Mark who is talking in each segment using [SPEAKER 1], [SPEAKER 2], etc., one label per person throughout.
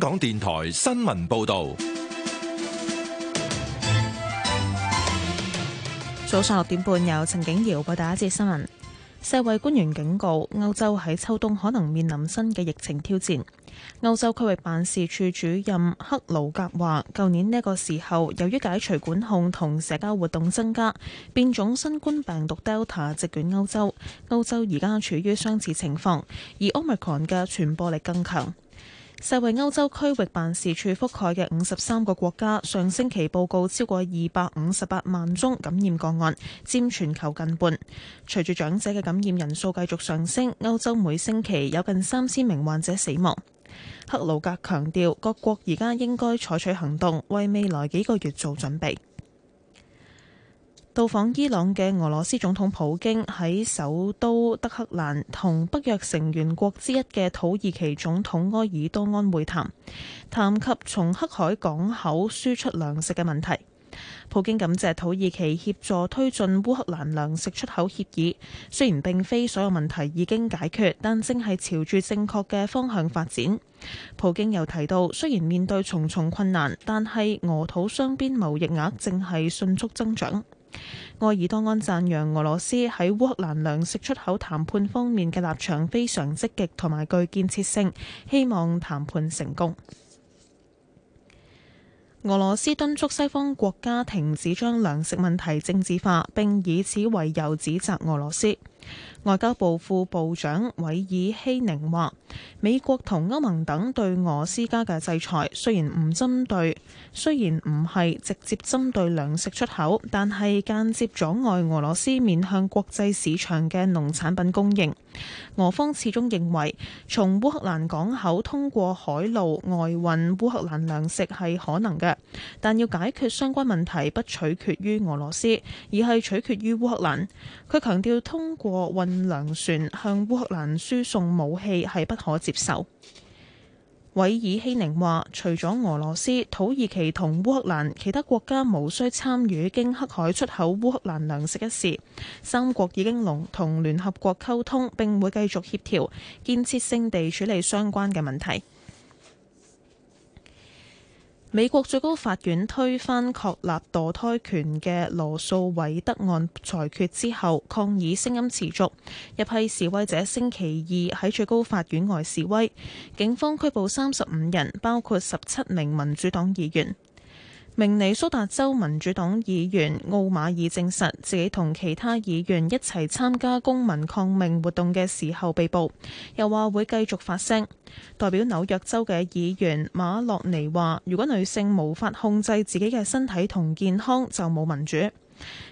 [SPEAKER 1] 港電台新聞報道：
[SPEAKER 2] 早上六點半有陳，由陳景瑤播第一節新聞。世衛官員警告，歐洲喺秋冬可能面臨新嘅疫情挑戰。歐洲區域辦事處主任克魯格話：舊年呢個時候，由於解除管控同社交活動增加，變種新冠病毒 Delta 席捲歐洲，歐洲而家處於相似情況，而 omicron 嘅傳播力更強。世衛歐洲區域辦事處覆蓋嘅五十三個國家，上星期報告超過二百五十八萬宗感染個案，佔全球近半。隨住長者嘅感染人數繼續上升，歐洲每星期有近三千名患者死亡。克魯格強調，各國而家應該採取行動，為未來幾個月做準備。到訪伊朗嘅俄羅斯總統普京喺首都德黑蘭同北約成員國之一嘅土耳其總統埃爾多安會談，談及從黑海港口輸出糧食嘅問題。普京感謝土耳其協助推進烏克蘭糧食出口協議，雖然並非所有問題已經解決，但正係朝住正確嘅方向發展。普京又提到，雖然面對重重困難，但係俄土雙邊貿易額正係迅速增長。埃爾多安讚揚俄羅斯喺烏克蘭糧食出口談判方面嘅立場非常積極同埋具建設性，希望談判成功。俄羅斯敦促西方國家停止將糧食問題政治化，並以此為由指責俄羅斯。外交部副部長韋爾希寧話，美國同歐盟等對俄施加嘅制裁，雖然唔針對，雖然唔係直接針對糧食出口，但係間接阻礙俄羅斯面向國際市場嘅農產品供應。俄方始終認為，從烏克蘭港口通過海路外運烏克蘭糧食係可能嘅，但要解決相關問題，不取決於俄羅斯，而係取決於烏克蘭。佢強調通過運。糧船向烏克蘭輸送武器係不可接受。維爾希寧話，除咗俄羅斯、土耳其同烏克蘭，其他國家無需參與經黑海出口烏克蘭糧食一事。三國已經同聯合國溝通，並會繼續協調，建設性地處理相關嘅問題。美國最高法院推翻確立墮胎權嘅羅素·維德偉德案裁決之後，抗議聲音持續。一批示威者星期二喺最高法院外示威，警方拘捕三十五人，包括十七名民主黨議員。明尼蘇達州民主黨議員奧馬爾證實自己同其他議員一齊參加公民抗命活動嘅時候被捕，又話會繼續發聲。代表紐約州嘅議員馬洛尼話，如果女性無法控制自己嘅身體同健康，就冇民主。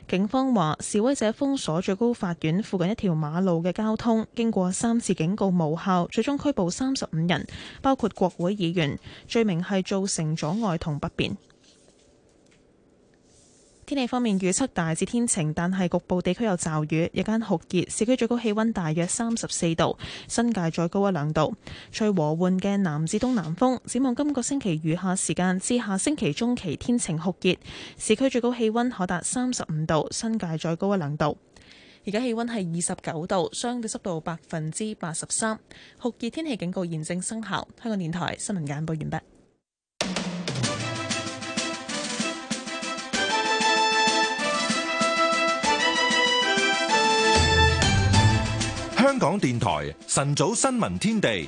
[SPEAKER 2] 警方話示威者封鎖最高法院附近一條馬路嘅交通，經過三次警告無效，最終拘捕三十五人，包括國會議員，罪名係造成阻礙同不便。天氣方面，預測大致天晴，但係局部地區有驟雨，日間酷熱。市區最高氣溫大約三十四度，新界再高一兩度。吹和緩嘅南至東南風。展望今個星期餘下時間至下星期中期，天晴酷熱，市區最高氣溫可達三十五度，新界再高一兩度。而家氣溫係二十九度，相對濕度百分之八十三。酷熱天氣警告現正生效。香港電台新聞簡報完畢。
[SPEAKER 1] 香港電台晨早新聞天地，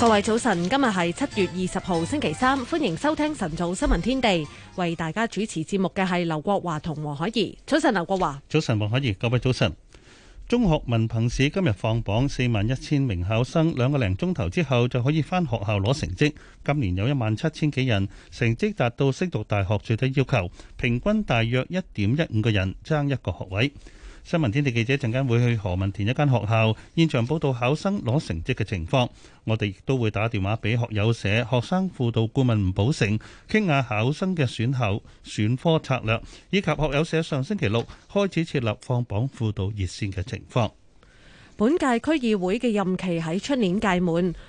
[SPEAKER 3] 各位早晨，今日係七月二十號星期三，歡迎收聽晨早新聞天地。為大家主持節目嘅係劉國華同黃海怡。早晨，劉國華。
[SPEAKER 4] 早晨，黃海怡。各位早晨。中學文憑試今日放榜，四萬一千名考生，兩個零鐘頭之後就可以翻學校攞成績。今年有一萬七千幾人成績達到升讀大學最低要求，平均大約一點一五個人爭一個學位。新聞天地記者陣間會去何文田一間學校現場報道，考生攞成績嘅情況，我哋亦都會打電話俾學友社學生輔導顧問吳寶成，傾下考生嘅選考選科策略，以及學友社上星期六開始設立放榜輔導熱線嘅情況。
[SPEAKER 3] 本屆區議會嘅任期喺出年屆滿。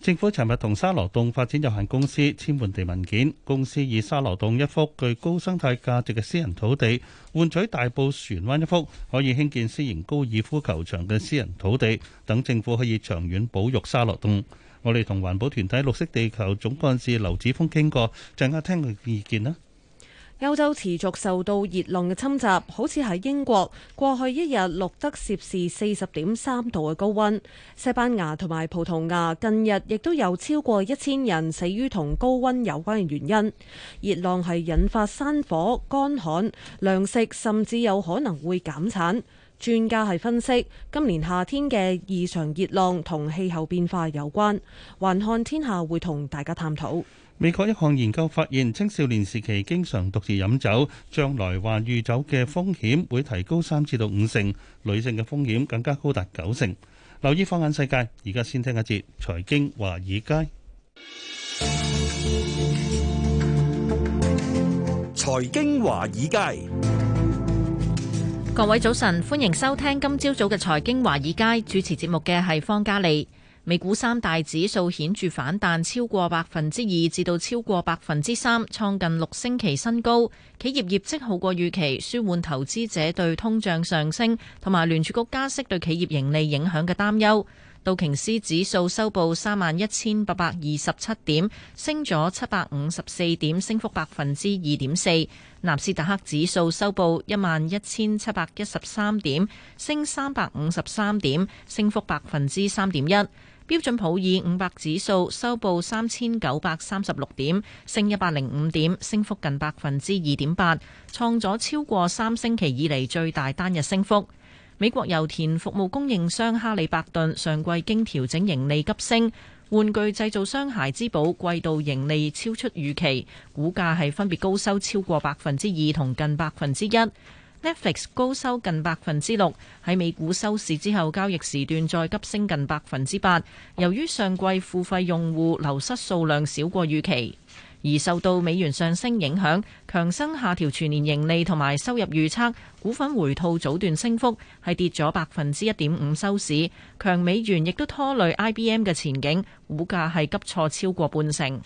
[SPEAKER 4] 政府尋日同沙羅洞發展有限公司簽換地文件，公司以沙羅洞一幅具高生態價值嘅私人土地，換取大埔船灣一幅可以興建私營高爾夫球場嘅私人土地，等政府可以長遠保育沙羅洞。我哋同環保團體綠色地球總幹事劉子峰傾過，陣間聽佢意見啦。
[SPEAKER 3] 歐洲持續受到熱浪嘅侵襲，好似喺英國過去一日錄得攝氏四十點三度嘅高溫。西班牙同埋葡萄牙近日亦都有超過一千人死於同高溫有關嘅原因。熱浪係引發山火、乾旱、糧食甚至有可能會減產。專家係分析今年夏天嘅異常熱浪同氣候變化有關。環看天下會同大
[SPEAKER 4] 家探討。美國一項研究發現，青少年時期經常獨自飲酒，將來患酗酒嘅風險會提高三至到五成，女性嘅風險更加高達九成。留意放眼世界，而家先聽一節財經華爾街。
[SPEAKER 1] 財經華爾街，
[SPEAKER 5] 各位早晨，歡迎收聽今朝早嘅財經華爾街，主持節目嘅係方嘉莉。美股三大指數顯著反彈，超過百分之二至到超過百分之三，創近六星期新高。企業業績好過預期，舒緩投資者對通脹上升同埋聯儲局加息對企業盈利影響嘅擔憂。道瓊斯指數收報三萬一千八百二十七點，升咗七百五十四點，升幅百分之二點四。納斯達克指數收報一萬一千七百一十三點，升三百五十三點，升幅百分之三點一。標準普爾五百指數收報三千九百三十六點，升一百零五點，升幅近百分之二點八，創咗超過三星期以嚟最大單日升幅。美國油田服務供應商哈利伯頓上季經調整盈利急升，玩具製造商孩之寶季度盈利超出預期，股價係分別高收超過百分之二同近百分之一。Netflix 高收近百分之六，喺美股收市之後交易時段再急升近百分之八，由於上季付費用戶流失數量少過預期，而受到美元上升影響，強生下調全年盈利同埋收入預測，股份回吐早段升幅，係跌咗百分之一點五收市。強美元亦都拖累 IBM 嘅前景，股價係急挫超過半成。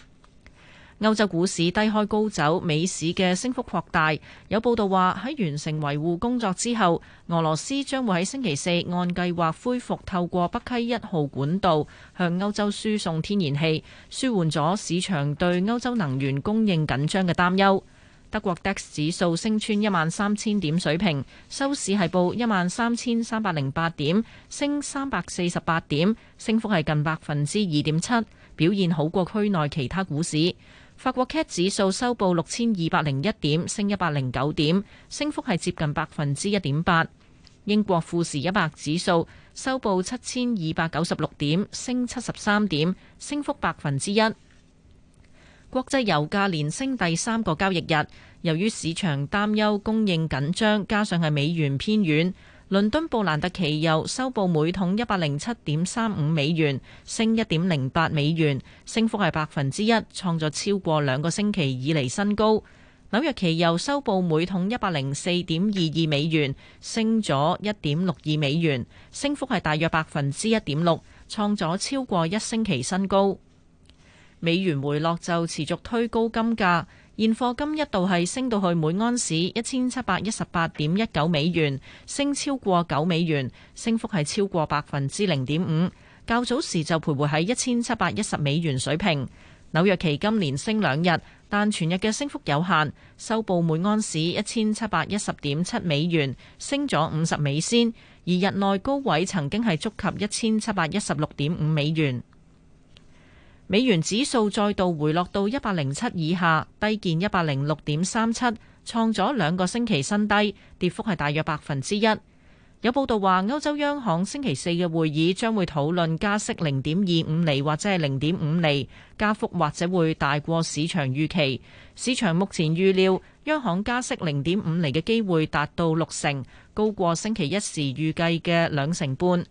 [SPEAKER 5] 歐洲股市低開高走，美市嘅升幅擴大。有報道話喺完成維護工作之後，俄羅斯將會喺星期四按計劃恢復透過北溪一號管道向歐洲輸送天然氣，舒緩咗市場對歐洲能源供應緊張嘅擔憂。德國 DAX 指數升穿一萬三千點水平，收市係報一萬三千三百零八點，升三百四十八點，升幅係近百分之二點七，表現好過區內其他股市。法國 CAC 指數收報六千二百零一點，升一百零九點，升幅係接近百分之一點八。英國富時一百指數收報七千二百九十六點，升七十三點，升幅百分之一。國際油價連升第三個交易日，由於市場擔憂供應緊張，加上係美元偏軟。倫敦布蘭特期油收報每桶一百零七點三五美元，升一點零八美元，升幅係百分之一，創咗超過兩個星期以嚟新高。紐約期油收報每桶一百零四點二二美元，升咗一點六二美元，升幅係大約百分之一點六，創咗超過一星期新高。美元回落就持續推高金價。現貨金一度係升到去每安士一千七百一十八點一九美元，升超過九美元，升幅係超過百分之零點五。較早時就徘徊喺一千七百一十美元水平。紐約期金連升兩日，但全日嘅升幅有限，收報每安士一千七百一十點七美元，升咗五十美仙。而日內高位曾經係觸及一千七百一十六點五美元。美元指數再度回落到一百零七以下，低見一百零六點三七，創咗兩個星期新低，跌幅係大約百分之一。有報道話，歐洲央行星期四嘅會議將會討論加息零點二五厘，或者係零點五厘，加幅或者會大過市場預期。市場目前預料央行加息零點五厘嘅機會達到六成，高過星期一時預計嘅兩成半。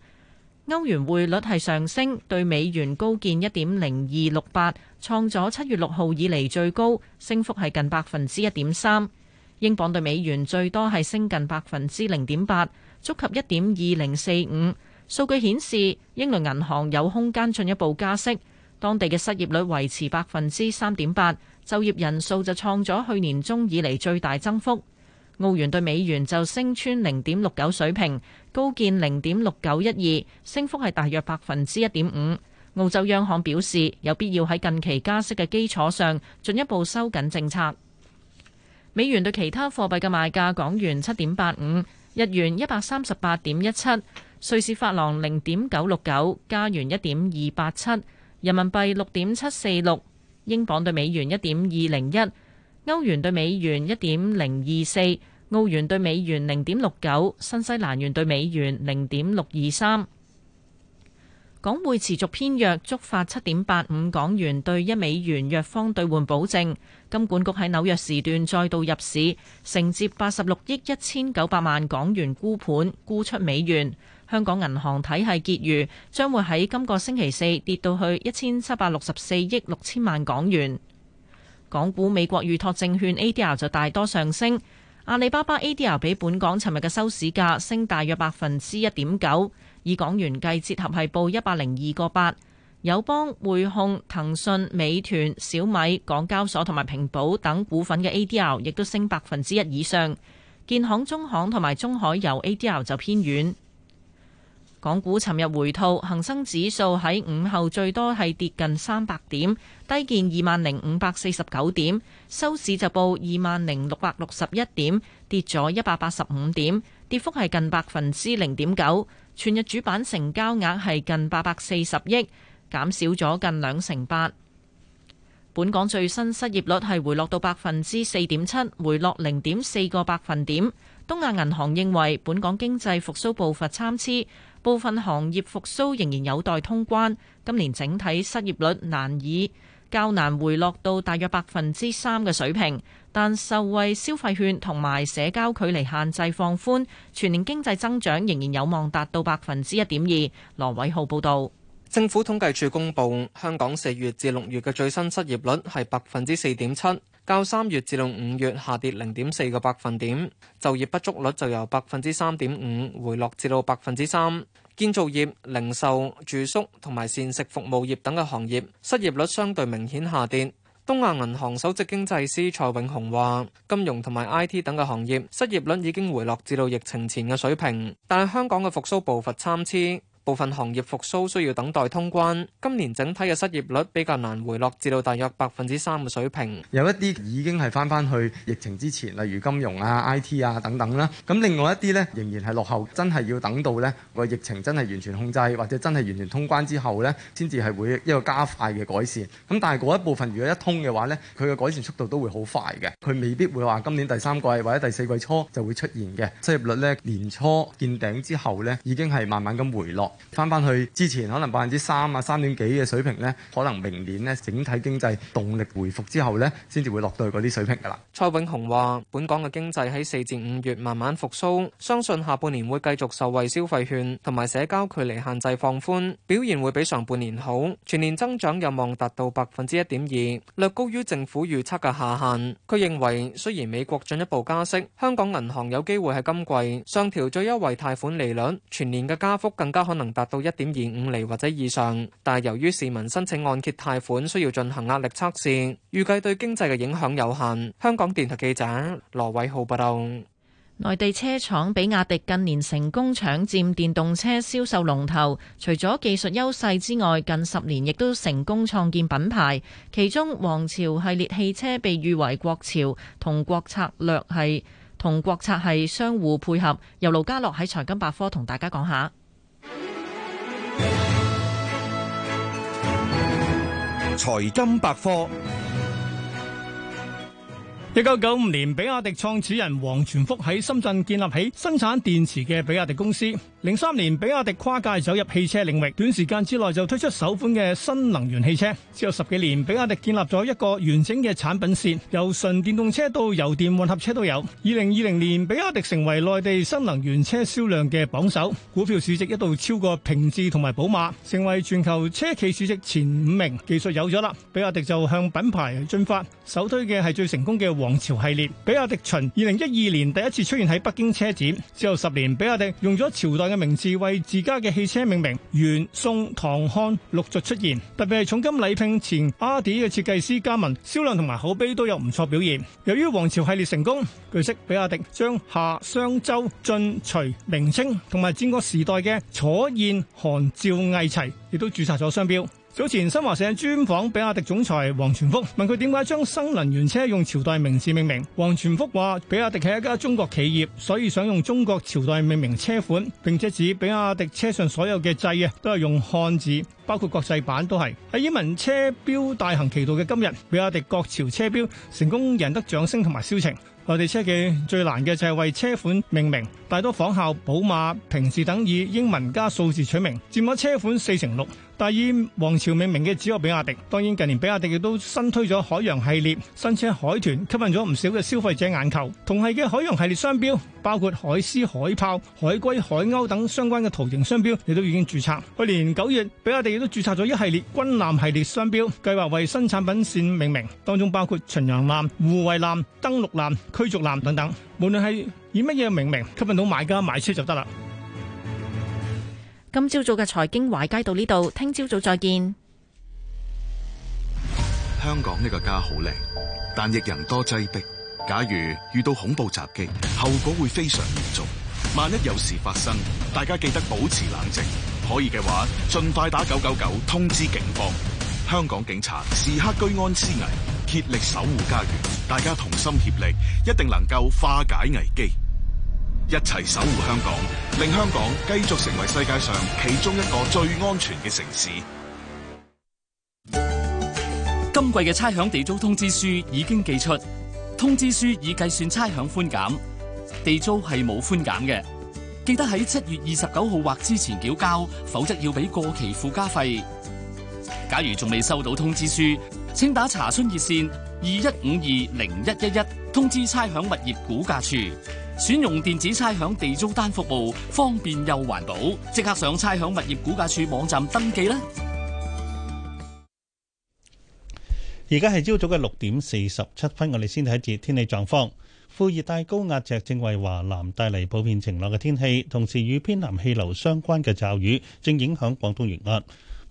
[SPEAKER 5] 歐元匯率係上升，對美元高見一點零二六八，創咗七月六號以嚟最高，升幅係近百分之一點三。英鎊對美元最多係升近百分之零點八，觸及一點二零四五。數據顯示，英倫銀行有空間進一步加息，當地嘅失業率維持百分之三點八，就業人數就創咗去年中以嚟最大增幅。澳元對美元就升穿零點六九水平，高見零點六九一二，升幅係大約百分之一點五。澳洲央行表示有必要喺近期加息嘅基礎上進一步收緊政策。美元對其他貨幣嘅賣價，港元七點八五，日元一百三十八點一七，瑞士法郎零點九六九，加元一點二八七，人民幣六點七四六，英鎊對美元一點二零一。歐元兌美元一點零二四，澳元兌美元零點六九，新西蘭元兌美元零點六二三。港匯持續偏弱，觸發七點八五港元兌一美元弱方兌換保證。金管局喺紐約時段再度入市，承接八十六億一千九百萬港元沽盤，沽出美元。香港銀行體系結餘將會喺今個星期四跌到去一千七百六十四億六千萬港元。港股、美國預託證券 ADR 就大多上升，阿里巴巴 ADR 比本港尋日嘅收市價升大約百分之一點九，以港元計，折合係報一百零二個八。友邦、匯控、騰訊、美團、小米、港交所同埋平保等股份嘅 ADR 亦都升百分之一以上。建行、中行同埋中海油 ADR 就偏軟。港股尋日回吐，恒生指數喺午後最多係跌近三百點，低見二萬零五百四十九點，收市就報二萬零六百六十一點，跌咗一百八十五點，跌幅係近百分之零點九。全日主板成交額係近八百四十億，減少咗近兩成八。本港最新失業率係回落到百分之四點七，回落零點四個百分點。東亞銀行認為本港經濟復蘇步伐參差。部分行業復甦仍然有待通關，今年整體失業率難以較難回落到大約百分之三嘅水平。但受惠消費券同埋社交距離限制放寬，全年經濟增長仍然有望達到百分之一點二。羅偉浩報導，
[SPEAKER 6] 政府統計處公布香港四月至六月嘅最新失業率係百分之四點七。較三月至到五月下跌零點四個百分點，就業不足率就由百分之三點五回落至到百分之三。建造業、零售、住宿同埋膳食服務業等嘅行業，失業率相對明顯下跌。東亞銀行首席經濟師蔡永雄話，金融同埋 IT 等嘅行業失業率已經回落至到疫情前嘅水平，但係香港嘅復甦步伐參差。部分行業復甦需要等待通關，今年整體嘅失業率比較難回落至到大約
[SPEAKER 7] 百分之三嘅水平。有一啲已經係返返去疫情之前，例如金融啊、IT 啊等等啦。咁另外一啲呢，仍然係落後，真係要等到呢個疫情真係完全控制，或者真係完全通關之後呢，先至係會一個加快嘅改善。咁但係嗰一部分如果一通嘅話呢，佢嘅改善速度都會好快嘅，佢未必會話今年第三季或者第四季初就會出現嘅失業率呢，年初見頂之後呢，已經係慢慢咁回落。翻翻去之前可能百分之三啊、三點幾嘅水平咧，可能明年咧整體經濟動力回復之後咧，先至會落到去嗰啲水平噶啦。
[SPEAKER 6] 蔡永雄話本港嘅經濟喺四至五月慢慢復蘇，相信下半年會繼續受惠消費券同埋社交距離限制放寬表現會比上半年好，全年增長有望達到百分之一點二，略高於政府預測嘅下限。佢認為雖然美國進一步加息，香港銀行有機會喺今季上調最優惠貸款利率，全年嘅加幅更加可能。達到一點二五厘或者以上，但係由於市民申請按揭貸款需要進行壓力測試，預計對經濟嘅影響有限。香港電台記者羅偉浩報道，
[SPEAKER 5] 內地車廠比亞迪近年成功搶占電動車銷售龍頭，除咗技術優勢之外，近十年亦都成功創建品牌。其中，王朝系列汽車被譽為國潮，同國策略系同國策系相互配合。由盧家樂喺財金百科同大家講下。
[SPEAKER 8] 財金百科，一九九五年，比亞迪創始人王傳福喺深圳建立起生產電池嘅比亞迪公司。零三年，比亞迪跨界走入汽車領域，短時間之內就推出首款嘅新能源汽車。之後十幾年，比亞迪建立咗一個完整嘅產品線，由純電動車到油電混合車都有。二零二零年，比亞迪成為內地新能源車銷量嘅榜首，股票市值一度超過平治同埋寶馬，成為全球車企市值前五名。技術有咗啦，比亞迪就向品牌進發，首推嘅係最成功嘅王朝系列。比亞迪秦，二零一二年第一次出現喺北京車展，之後十年，比亞迪用咗朝代，名字為自家嘅汽車命名，元、宋、唐、漢陸續出現，特別係重金禮聘前阿迪嘅設計師加盟，銷量同埋口碑都有唔錯表現。由於王朝系列成功，據悉比亞迪將夏、商、周、晉、隋名稱同埋戰國時代嘅楚、燕、韓、趙、魏、齊亦都註冊咗商標。早前新華社專訪比亞迪總裁王傳福，問佢點解將新能源車用朝代名字命名。王傳福話：比亞迪係一家中國企業，所以想用中國朝代命名車款，並且指比亞迪車上所有嘅掣啊都係用漢字，包括國際版都係。喺英文車標大行其道嘅今日，比亞迪國潮車標成功贏得掌聲同埋銷情。內地車企最難嘅就係為車款命名，大多仿效寶馬、平治等以英文加數字取名，佔咗車款四成六。但係以王朝命名嘅，只有比亞迪。當然近年比亞迪亦都新推咗海洋系列新車海豚，吸引咗唔少嘅消費者眼球。同係嘅海洋系列商標，包括海獅、海豹、海龜、海鷗等相關嘅圖形商標，亦都已經注冊。去年九月，比亞迪亦都注冊咗一系列軍艦系列商標，計劃為新產品線命名，當中包括巡洋艦、護衛艦、登陸艦、驅逐艦等等。無論係以乜嘢命名，吸引到買家買車就得啦。
[SPEAKER 5] 今朝早嘅財經環節到呢度，聽朝早再見。
[SPEAKER 7] 香港呢個家好靚，但亦人多擠迫。假如遇到恐怖襲擊，後
[SPEAKER 1] 果會非常嚴重。
[SPEAKER 7] 萬一有事發生，大家記得保持冷靜，可以嘅話盡快打九九九通知警方。香港警察時刻居安思危，竭力守護家園。大家同心協力，一定能夠化解危機。一齊守護香港，令香港繼續成為世界上其中一個最安全嘅城市。
[SPEAKER 9] 今季嘅差餉地租通知書已經寄出，通知書已計算差餉寬減，地租係冇寬減嘅。記得喺七月二十九號或之前繳交，否則要俾過期附加費。假如仲未收到通知書，請打查詢熱線二一五二零一一一通知差餉物業估價處。選用電子差餉地租單服務，方便又環保，即刻上差餉物業估價署網站登記啦！
[SPEAKER 4] 而家係朝早嘅六點四十七分，我哋先睇一節天氣狀況。副熱帶高壓脊正為華南帶嚟普遍晴朗嘅天氣，同時與偏南氣流相關嘅驟雨正影響廣東沿岸。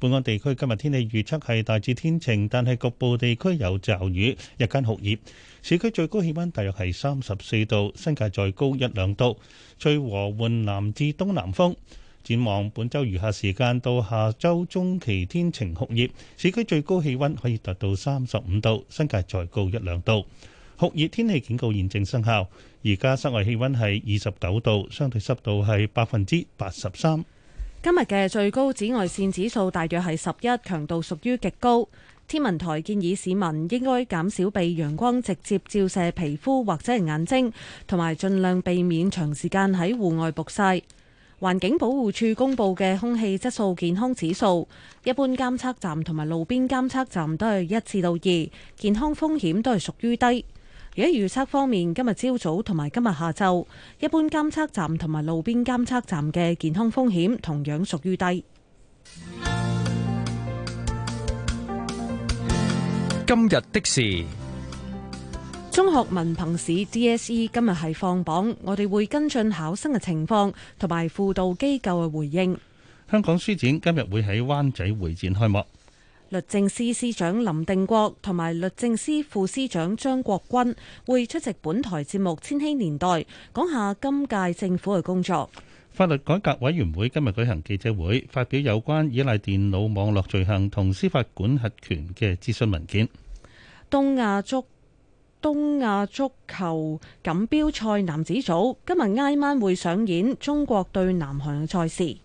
[SPEAKER 4] 本港地區今日天氣預測係大致天晴，但係局部地區有驟雨、日間酷熱。市區最高氣溫大約係三十四度，新界再高一兩度。吹和緩南至東南風。展望本週餘下時間到下週中期天晴酷熱，市區最高氣溫可以達到三十五度，新界再高一兩度。酷熱天氣警告現正生效。而家室外氣溫係二十九度，相對濕度係百分之八十三。
[SPEAKER 3] 今日嘅最高紫外線指數大約係十一，強度屬於極高。天文台建議市民應該減少被陽光直接照射皮膚或者係眼睛，同埋盡量避免長時間喺戶外曝曬。環境保護署公布嘅空氣質素健康指數，一般監測站同埋路邊監測站都係一至到二，健康風險都係屬於低。而喺預測方面，今日朝早同埋今日下晝，一般監測站同埋路邊監測站嘅健康風險同樣屬於低。
[SPEAKER 10] 今日的事，
[SPEAKER 3] 中學文憑試 （DSE） 今日係放榜，我哋會跟進考生嘅情況同埋輔導機構嘅回應。
[SPEAKER 4] 香港書展今日會喺灣仔會展開幕。
[SPEAKER 3] 律政司司長林定國同埋律政司副司長張國鈞會出席本台節目《千禧年代》，講下今屆政府嘅工作。
[SPEAKER 4] 法律改革委員會今日舉行記者會，發表有關依賴電腦網絡罪行同司法管轄權嘅諮詢文件。
[SPEAKER 3] 東亞足東亞足球錦標賽男子組今日挨晚會上演中國對南韓嘅賽事。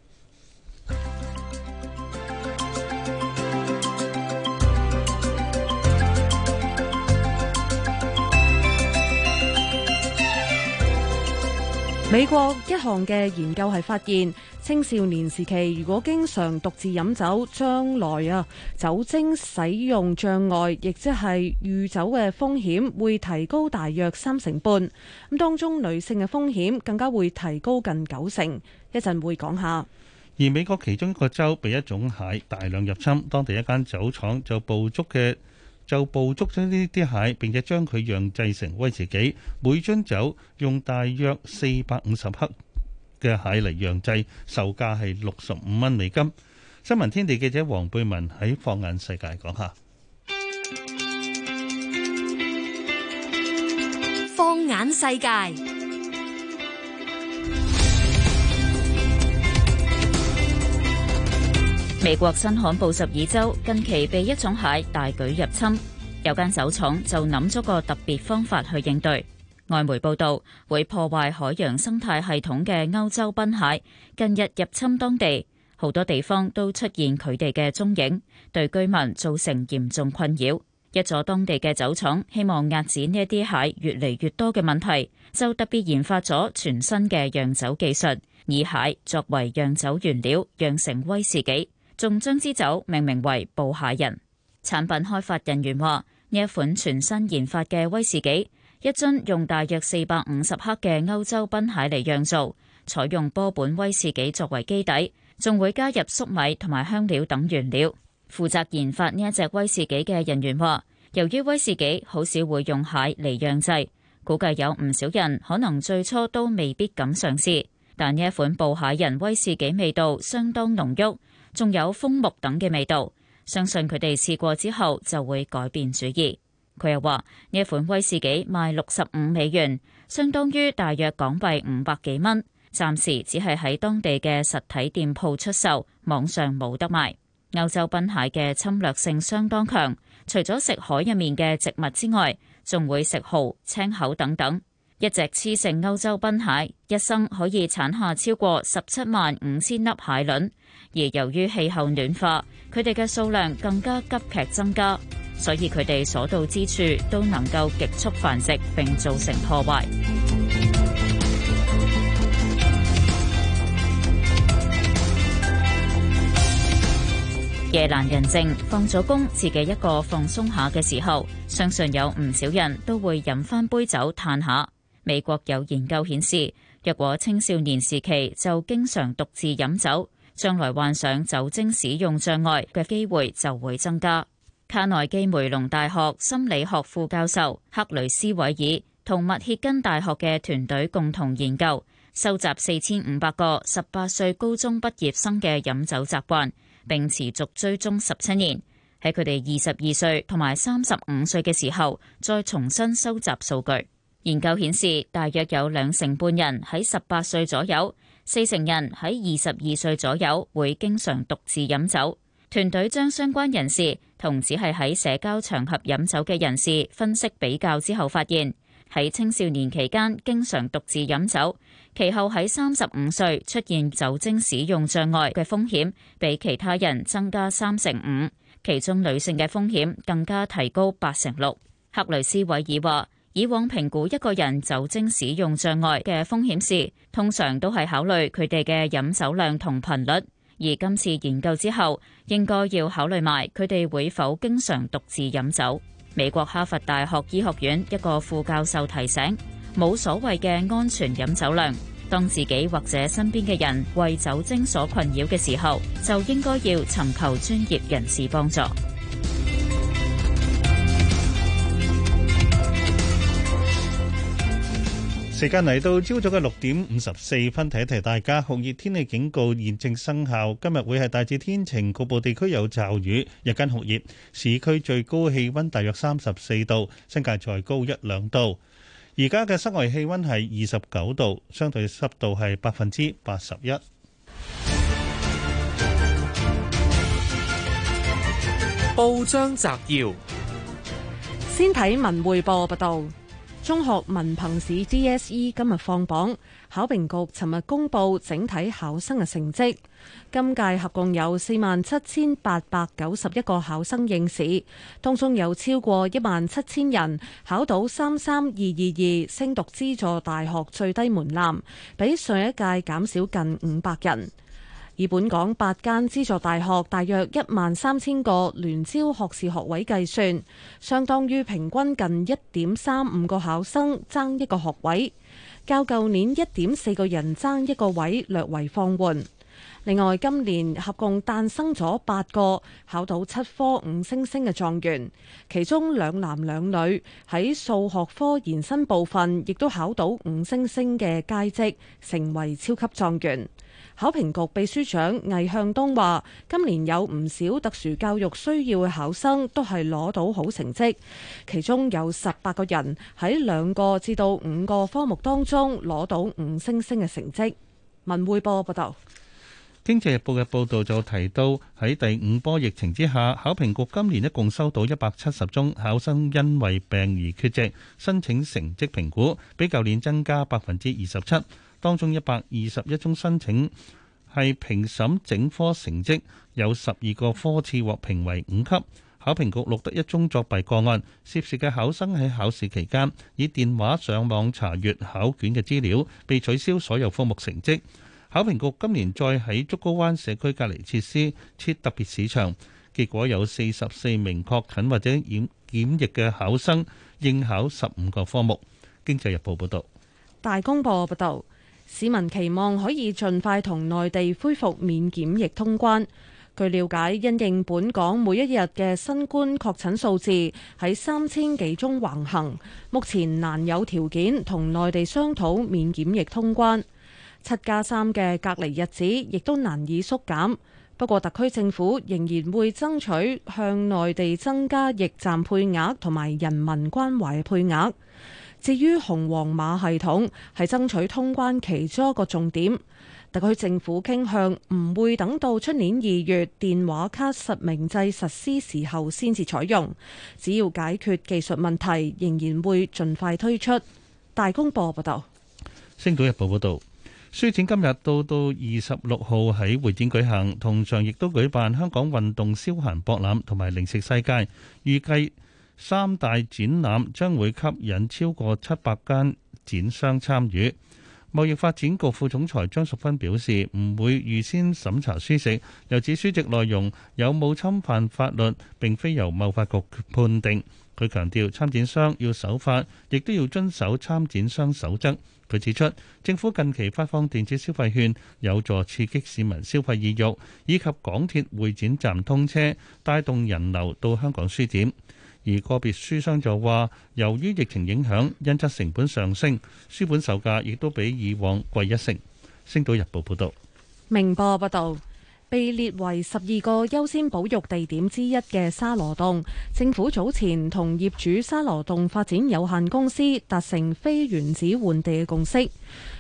[SPEAKER 3] 美國一項嘅研究係發現，青少年時期如果經常獨自飲酒，將來啊酒精使用障礙，亦即係酗酒嘅風險會提高大約三成半。咁當中女性嘅風險更加會提高近九成。講一陣會講下。
[SPEAKER 4] 而美國其中一個州被一種蟹大量入侵，當地一間酒廠就捕捉嘅。就捕捉咗呢啲蟹，並且將佢釀製成威士忌。每樽酒用大約四百五十克嘅蟹嚟釀製，售價係六十五蚊美金。新聞天地記者黃貝文喺放眼世界講下。
[SPEAKER 6] 放眼世界。說說。
[SPEAKER 11] 美國新罕布什爾州近期被一種蟹大舉入侵，有間酒廠就諗咗個特別方法去應對。外媒報道，會破壞海洋生態系統嘅歐洲濱蟹近日入侵當地，好多地方都出現佢哋嘅蹤影，對居民造成嚴重困擾。一座當地嘅酒廠希望壓止呢一啲蟹越嚟越多嘅問題，就特別研發咗全新嘅釀酒技術，以蟹作為釀酒原料，釀成威士忌。仲將支酒命名為《捕蟹人》。產品開發人員話：呢一款全新研發嘅威士忌，一樽用大約四百五十克嘅歐洲賓蟹嚟釀造，採用波本威士忌作為基底，仲會加入粟米同埋香料等原料。負責研發呢一隻威士忌嘅人員話：由於威士忌好少會用蟹嚟釀製，估計有唔少人可能最初都未必敢嘗試。但呢一款《捕蟹人》威士忌味道相當濃郁。仲有楓木等嘅味道，相信佢哋試過之後就會改變主意。佢又話：呢一款威士忌賣六十五美元，相當於大約港幣五百幾蚊。暫時只係喺當地嘅實體店鋪出售，網上冇得賣。歐洲賓蟹嘅侵略性相當強，除咗食海入面嘅植物之外，仲會食蚝、青口等等。一隻雌性歐洲賓蟹一生可以產下超過十七萬五千粒蟹卵。而由於氣候暖化，佢哋嘅數量更加急劇增加，所以佢哋所到之處都能夠極速繁殖並造成破壞。夜闌人靜，放咗工，自己一個放鬆下嘅時候，相信有唔少人都會飲翻杯酒，嘆下。美國有研究顯示，若果青少年時期就經常獨自飲酒，將來患上酒精使用障礙嘅機會就會增加。卡內基梅隆大學心理學副教授克雷斯韋爾同密歇根大學嘅團隊共同研究，收集四千五百個十八歲高中畢業生嘅飲酒習慣，並持續追蹤十七年，喺佢哋二十二歲同埋三十五歲嘅時候再重新收集數據。研究顯示，大約有兩成半人喺十八歲左右。四成人喺二十二歲左右會經常獨自飲酒。團隊將相關人士同只係喺社交場合飲酒嘅人士分析比較之後，發現喺青少年期間經常獨自飲酒，其後喺三十五歲出現酒精使用障礙嘅風險，比其他人增加三成五。其中女性嘅風險更加提高八成六。克雷斯維爾話：以往評估一個人酒精使用障礙嘅風險時，通常都係考慮佢哋嘅飲酒量同頻率，而今次研究之後，應該要考慮埋佢哋會否經常獨自飲酒。美國哈佛大學醫學院一個副教授提醒，冇所謂嘅安全飲酒量。當自己或者身邊嘅人為酒精所困擾嘅時候，就應該要尋求專業人士幫助。時間嚟到朝
[SPEAKER 4] 早嘅六點五十四分，提一提大家，酷熱天氣警告現正生效。今日會係大致天晴，局部地區有驟雨，日間酷熱，市區最高氣溫大約三十四度，新界再高一兩度。而家嘅室外氣溫係二十九度，相對濕度係百分之八十一。報章摘要，
[SPEAKER 3] 先睇文匯報報道。中學文憑試 DSE 今日放榜，考評局尋日公布整體考生嘅成績。今屆合共有四萬七千八百九十一個考生應試，當中有超過一萬七千人考到三三二二二，升讀資助大學最低門檻，比上一屆減少近五百人。以本港八間資助大學大約一萬三千個聯招學士學位計算，相當於平均近一點三五個考生爭一個學位。較舊年一點四個人爭一個位略為放緩。另外，今年合共誕生咗八個考到七科五星星嘅狀元，其中兩男兩女喺數學科延伸部分亦都考到五星星嘅佳績，成為超級狀元。考評局秘書長魏向東話，今年有唔少特殊教育需要嘅考生都係攞到好成績，其中有十八個人喺兩個至到五個科目當中攞到五星星嘅成績。文惠波報道。
[SPEAKER 4] 經濟日報嘅報道就提到，喺第五波疫情之下，考評局今年一共收到一百七十宗考生因為病而缺席申請成績評估，比舊年增加百分之二十七。當中一百二十一宗申請係評審整科成績，有十二個科次獲評為五級。考評局錄得一宗作弊個案，涉事嘅考生喺考試期間以電話上網查閱考卷嘅資料，被取消所有科目成績。考評局今年再喺竹篙灣社區隔離設施設特別市場，結果有四十四名確診或者檢檢疫嘅考生應考十五個科目。經濟日報報道。
[SPEAKER 3] 大公報報道，市民期望可以盡快同內地恢復免檢疫通關。據了解，因應本港每一日嘅新冠確診數字喺三千幾宗橫行，目前難有條件同內地商討免檢疫通關。七加三嘅隔離日子亦都難以縮減，不過特區政府仍然會爭取向內地增加驛站配額同埋人民關懷配額。至於紅黃碼系統係爭取通關其中一個重點，特區政府傾向唔會等到出年二月電話卡實名制實施時候先至採用，只要解決技術問題，仍然會盡快推出。大公報報道。
[SPEAKER 4] 星島日報，報道》報導。書展今日到到二十六號喺會展舉行，同場亦都舉辦香港運動消閒博覽同埋零食世界，預計三大展覽將會吸引超過七百間展商參與。貿易發展局副總裁張淑芬表示，唔會預先審查書籍，又指書籍內容有冇侵犯法律，並非由貿發局判定。佢強調，參展商要守法，亦都要遵守參展商守則。佢指出，政府近期發放電子消費券，有助刺激市民消費意慾，以及港鐵會展站通車帶動人流到香港書展。而個別書商就話，由於疫情影響，印刷成本上升，書本售價亦都比以往貴一成。星島日報報道。
[SPEAKER 3] 明報報道。被列為十二個優先保育地點之一嘅沙羅洞，政府早前同業主沙羅洞發展有限公司達成非原址換地嘅共識。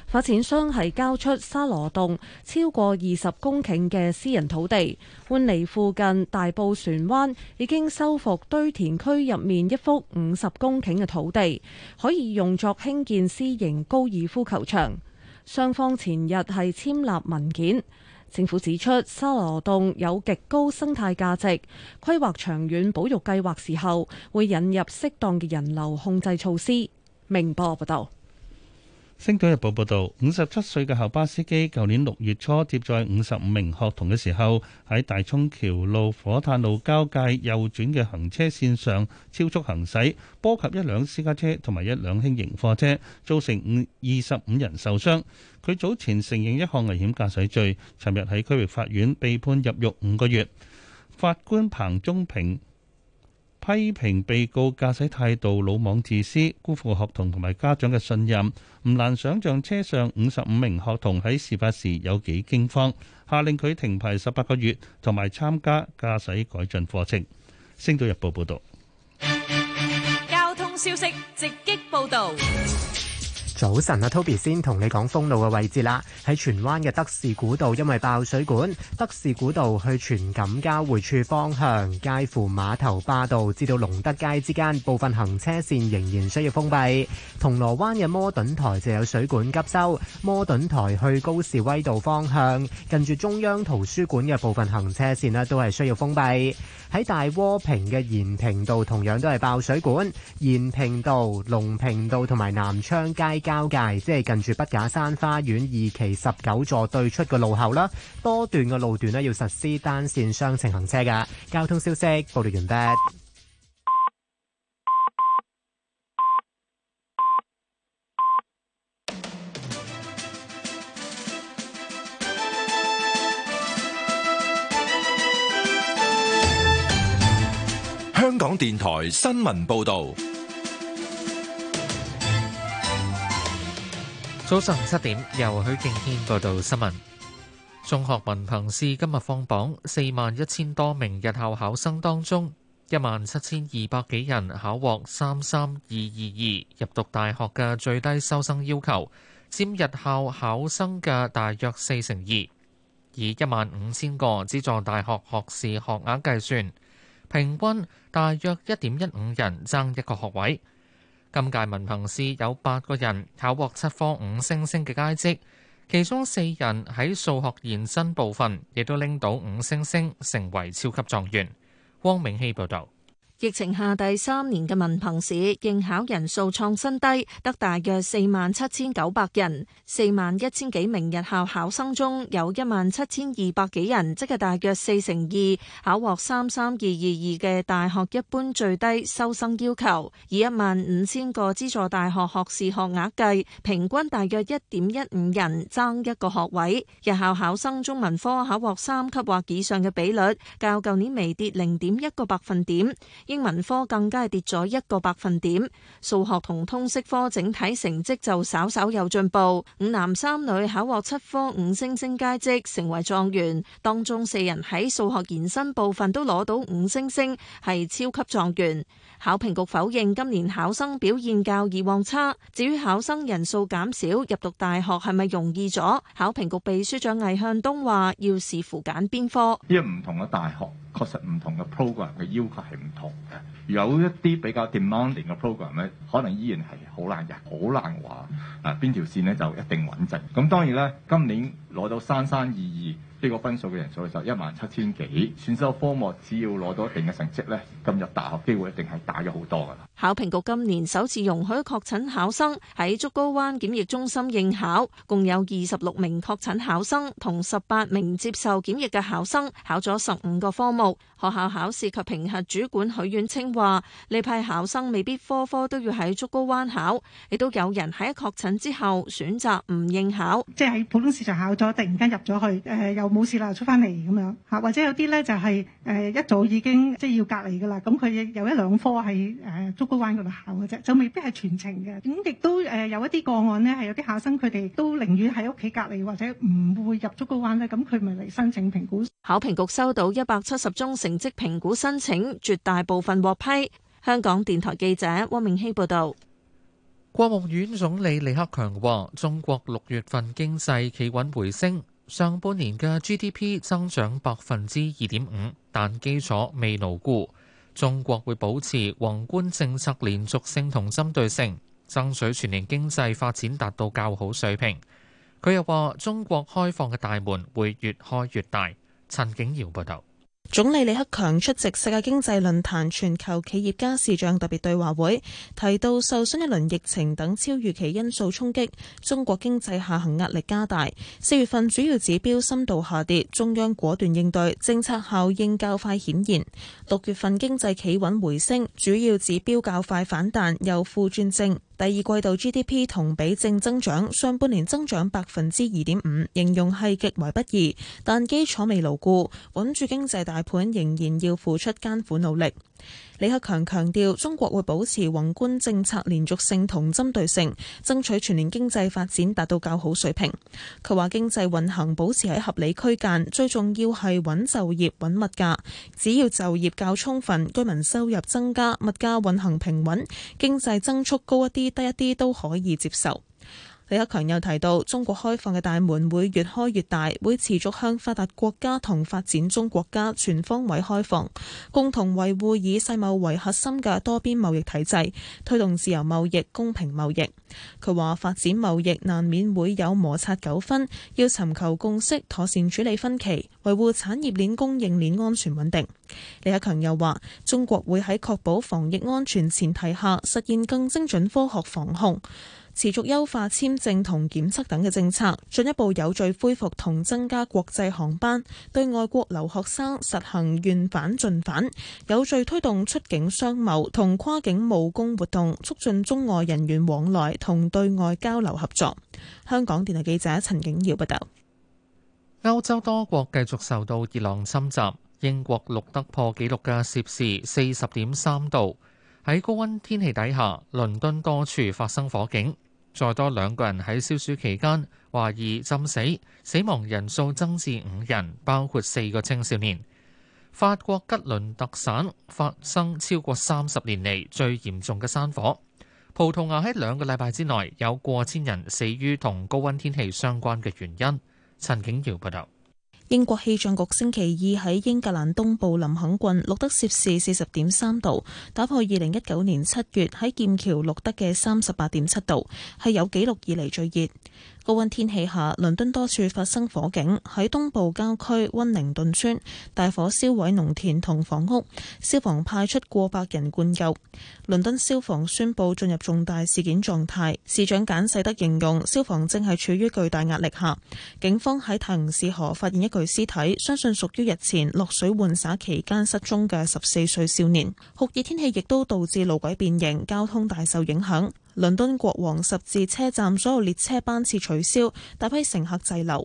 [SPEAKER 3] 發展商係交出沙羅洞超過二十公頃嘅私人土地，換嚟附近大埔船灣已經修復堆填區入面一幅五十公頃嘅土地，可以用作興建私營高爾夫球場。雙方前日係簽立文件。政府指出，沙羅洞有極高生態價值，規劃長遠保育計劃時候，會引入適當嘅人流控制措施。明報報道。
[SPEAKER 4] 星島日報報道，五十七歲嘅校巴司機，舊年六月初接載五十五名學童嘅時候，喺大涌橋路火炭路交界右轉嘅行車線上超速行駛，波及一輛私家車同埋一輛輕型貨車，造成五二十五人受傷。佢早前承認一項危險駕駛罪，尋日喺區域法院被判入獄五個月。法官彭中平。批評被告駕駛態度魯莽自私，辜負學童同埋家長嘅信任，唔難想象車上五十五名學童喺事發時有幾驚慌。下令佢停牌十八個月，同埋參加駕駛改進課程。星島日報報道。
[SPEAKER 12] 交通消息直擊報道。
[SPEAKER 13] 早晨啊，Toby 先同你講封路嘅位置啦。喺荃灣嘅德士古道，因為爆水管，德士古道去荃錦交匯處方向介乎碼頭壩道至到龍德街之間部分行車線仍然需要封閉。銅鑼灣嘅摩頓台就有水管急修，摩頓台去高士威道方向近住中央圖書館嘅部分行車線咧，都係需要封閉。喺大窩坪嘅延平道同樣都係爆水管，延平道、龍平道同埋南昌街交界，即係近住筆架山花園二期十九座對出嘅路口啦，多段嘅路段呢，要實施單線雙程行車㗎。交通消息，報道完畢。
[SPEAKER 1] 香港電台新聞報道，
[SPEAKER 9] 早晨七點，由許敬軒報道新聞。中學文憑試今日放榜，四萬一千多名日校考生當中，一萬七千二百幾人考獲三三二二二入讀大學嘅最低收生要求，佔日校考生嘅大約四成二。以一萬五千個資助大學學士學額計算，平均大約一點一五人爭一個學位。今屆文憑試有八個人考獲七科五星星嘅佳績，其中四人喺數學延伸部分亦都拎到五星星，成為超級狀元。汪明希報導。
[SPEAKER 12] 疫情下第三年嘅文憑試應考人數創新低，得大約四萬七千九百人。四萬一千幾名日校考生中，有一萬七千二百幾人，即係大約四成二考獲三三二二二嘅大學一般最低收生要求。以一萬五千個資助大學學士學額計，平均大約一點一五人爭一個學位。日校考生中文科考獲三級或以上嘅比率，較舊年微跌零點一個百分點。英文科更加跌咗一個百分點，數學同通識科整體成績就稍稍有進步。五男三女考獲七科五星星佳績，成為狀元。當中四人喺數學延伸部分都攞到五星星，係超級狀元。考評局否認今年考生表現較以往差。至於考生人數減少入讀大學係咪容易咗？考評局秘書長魏向東話，要視乎揀邊科。
[SPEAKER 7] 因為唔同嘅大學確實唔同嘅 program 嘅要求係唔同嘅，有一啲比較 demanding 嘅 program 咧，可能依然係好難嘅，好難話啊邊條線咧就一定穩陣。咁當然啦，今年攞到三三二二。呢個分數嘅人數就一萬七千幾，選修科目只要攞到一定嘅成績呢，進入大學機會一定係大咗好多噶啦。
[SPEAKER 12] 考評局今年首次容許確診考生喺竹篙灣檢疫中心應考，共有二十六名確診考生同十八名接受檢疫嘅考生考咗十五個科目。學校考試及評核主管許遠清話：呢批考生未必科科都要喺竹篙灣考，亦都有人喺確診之後選擇唔應
[SPEAKER 2] 考，即係喺普通市場考咗，突然間入咗去，誒、呃、又冇事啦，出翻嚟咁樣吓，或者有啲咧就係、是、誒、呃、一早已經即係要隔離噶啦，咁佢有一兩科喺誒竹篙灣度考嘅啫，就未必係全程嘅。咁亦都誒有一啲個案呢，係有啲考生佢哋都寧願喺屋企隔離或者唔會入竹篙灣咧，咁佢咪嚟申請評估，
[SPEAKER 12] 考評局收到一百七十宗。成績評估申請絕大部分獲批。香港電台記者汪明熙報道。
[SPEAKER 9] 國務院總理李克強話：中國六月份經濟企穩回升，上半年嘅 GDP 增長百分之二點五，但基礎未牢固中國會保持宏觀政策連續性同針對性，爭取全年經濟發展達到較好水平。佢又話：中國開放嘅大門會越開越大。陳景堯報道。
[SPEAKER 2] 總理李克強出席世界經濟論壇全球企業家視像特別對話會，提到受新一輪疫情等超預期因素衝擊，中國經濟下行壓力加大。四月份主要指標深度下跌，中央果斷應對，政策效應較快顯現。六月份經濟企穩回升，主要指標較快反彈，由負轉正。第二季度 GDP 同比正增長，上半年增長百分之二點五，形容係極為不易，但基礎未牢固，穩住經濟大盤仍然要付出艱苦努力。李克強強調，中國會保持宏觀政策連續性同針對性，爭取全年經濟發展達到較好水平。佢話經濟運行保持喺合理區間，最重要係穩就業、穩物價。只要就業較充分，居民收入增加，物價運行平穩，經濟增速高一啲、低一啲都可以接受。李克強又提到，中國開放嘅大門會越開越大，會持續向發達國家同發展中國家全方位開放，共同維護以世貿為核心嘅多邊貿易體制，推動自由貿易、公平貿易。佢話發展貿易難免會有摩擦糾紛，要尋求共識，妥善處理分歧，維護產業鏈、供應鏈安全穩定。李克強又話，中國會喺確保防疫安全前提下，實現更精準科學防控。持續優化簽證同檢測等嘅政策，進一步有序恢復同增加國際航班，對外國留學生實行願返盡返，有序推動出境商貿同跨境務工活動，促進中外人員往來同對外交流合作。香港電台記者陳景耀報道。
[SPEAKER 9] 歐洲多國繼續受到熱浪侵襲，英國錄得破紀錄嘅攝氏四十點三度。喺高温天氣底下，倫敦多處發生火警。再多兩個人喺消暑期間懷疑浸死，死亡人數增至五人，包括四個青少年。法國吉倫特省發生超過三十年嚟最嚴重嘅山火。葡萄牙喺兩個禮拜之內有過千人死於同高温天氣相關嘅原因。陳景堯報導。
[SPEAKER 2] 英國氣象局星期二喺英格蘭東部林肯郡錄得攝氏四十點三度，打破二零一九年七月喺劍橋錄得嘅三十八點七度，係有紀錄以嚟最熱。高溫天氣下，倫敦多處發生火警，喺東部郊區溫寧頓村，大火燒毀農田同房屋，消防派出過百人灌救。倫敦消防宣布進入重大事件狀態，市長簡世德形容消防正係處於巨大壓力下。警方喺泰晤士河發現一具屍體，相信屬於日前落水玩耍期間失蹤嘅十四歲少年。酷熱天氣亦都導致路軌變形，交通大受影響。倫敦國王十字車站所有列車班次取消，大批乘客滯留。